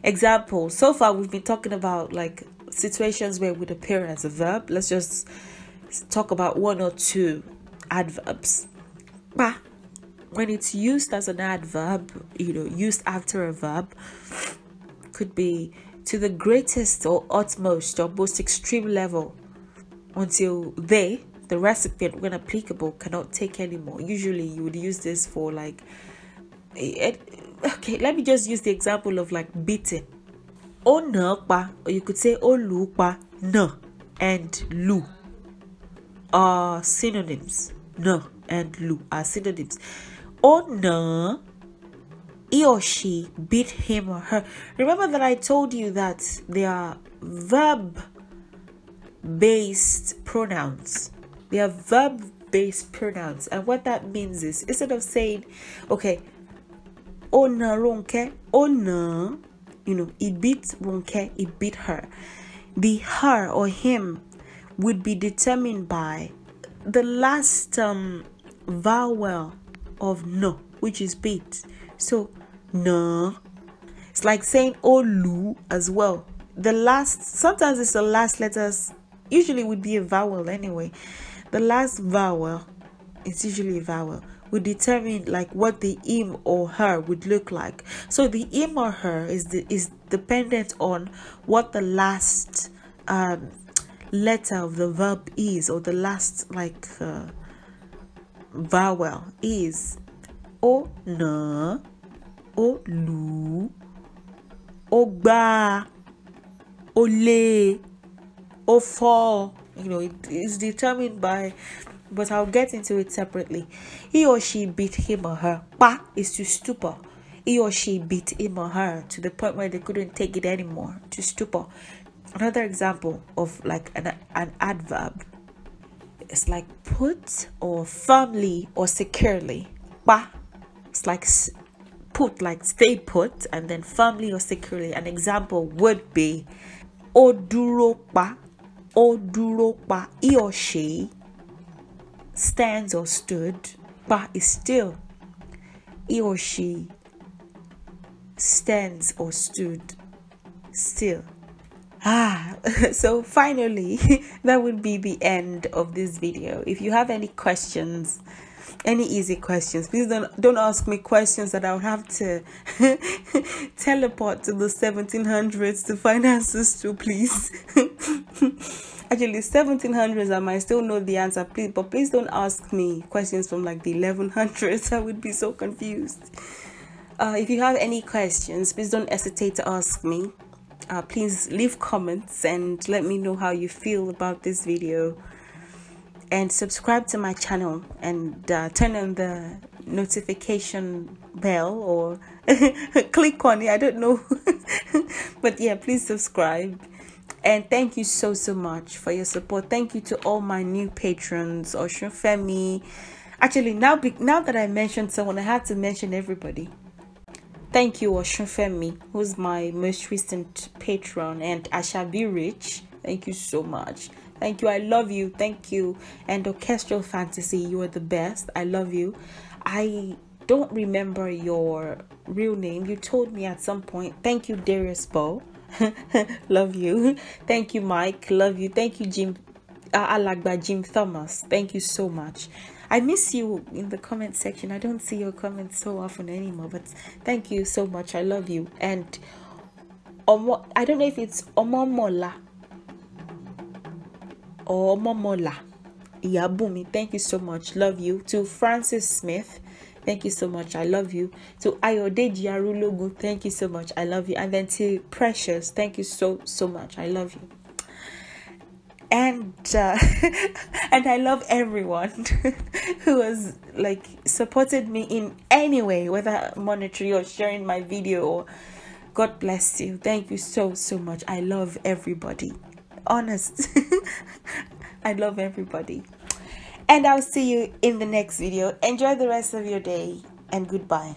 example. So far, we've been talking about like situations where it would appear as a verb. Let's just talk about one or two adverbs pa when it's used as an adverb, you know, used after a verb, could be to the greatest or utmost or most extreme level until they, the recipient, when applicable, cannot take anymore. Usually, you would use this for like, okay, let me just use the example of like beating. Oh no, pa, or you could say oh lu pa, no, and lu are synonyms. No, and Lou are synonyms. Ona, he or she beat him or her. Remember that I told you that they are verb based pronouns. They are verb based pronouns. And what that means is instead of saying, okay, Ona Ronke, Ona, you know, he beat Ronke, he beat her. The her or him would be determined by the last um, vowel of no, which is bit. So, no. It's like saying olu as well. The last, sometimes it's the last letters, usually would be a vowel anyway. The last vowel, it's usually a vowel, would determine like what the him or her would look like. So the him or her is the, is dependent on what the last um, letter of the verb is or the last like uh, vowel is ọ̀nà, You know, it is determined by, but I'll get into it separately. He or she beat him or her. Pa is to stupor. He or she beat him or her to the point where they couldn't take it anymore, to stupor. Another example of like an, an adverb it's like put or firmly or securely. Ba. It's like put, like stay put, and then firmly or securely. An example would be oduro pa. Oduro He or she stands or stood. Ba is still. He or she stands or stood still ah so finally that would be the end of this video if you have any questions any easy questions please don't don't ask me questions that i would have to teleport to the 1700s to find answers to please actually 1700s i might still know the answer please but please don't ask me questions from like the 1100s i would be so confused uh, if you have any questions please don't hesitate to ask me uh, please leave comments and let me know how you feel about this video and subscribe to my channel and uh, turn on the notification bell or click on it i don't know but yeah please subscribe and thank you so so much for your support thank you to all my new patrons ocean femi actually now now that i mentioned someone i had to mention everybody Thank you, Oshunfemi, who's my most recent patron, and I shall be rich. Thank you so much. Thank you. I love you. Thank you. And Orchestral Fantasy, you are the best. I love you. I don't remember your real name. You told me at some point. Thank you, Darius Bo. love you. Thank you, Mike. Love you. Thank you, Jim. Uh, by Jim Thomas. Thank you so much. I miss you in the comment section. I don't see your comments so often anymore, but thank you so much. I love you. And I don't know if it's Omomola or Omomola. Iyabumi, thank you so much. Love you. To Francis Smith, thank you so much. I love you. To Ayodeji Arulogu. thank you so much. I love you. And then to Precious, thank you so, so much. I love you and uh, and I love everyone who has like supported me in any way, whether monetary or sharing my video. God bless you. Thank you so so much. I love everybody. Honest, I love everybody. And I'll see you in the next video. Enjoy the rest of your day and goodbye.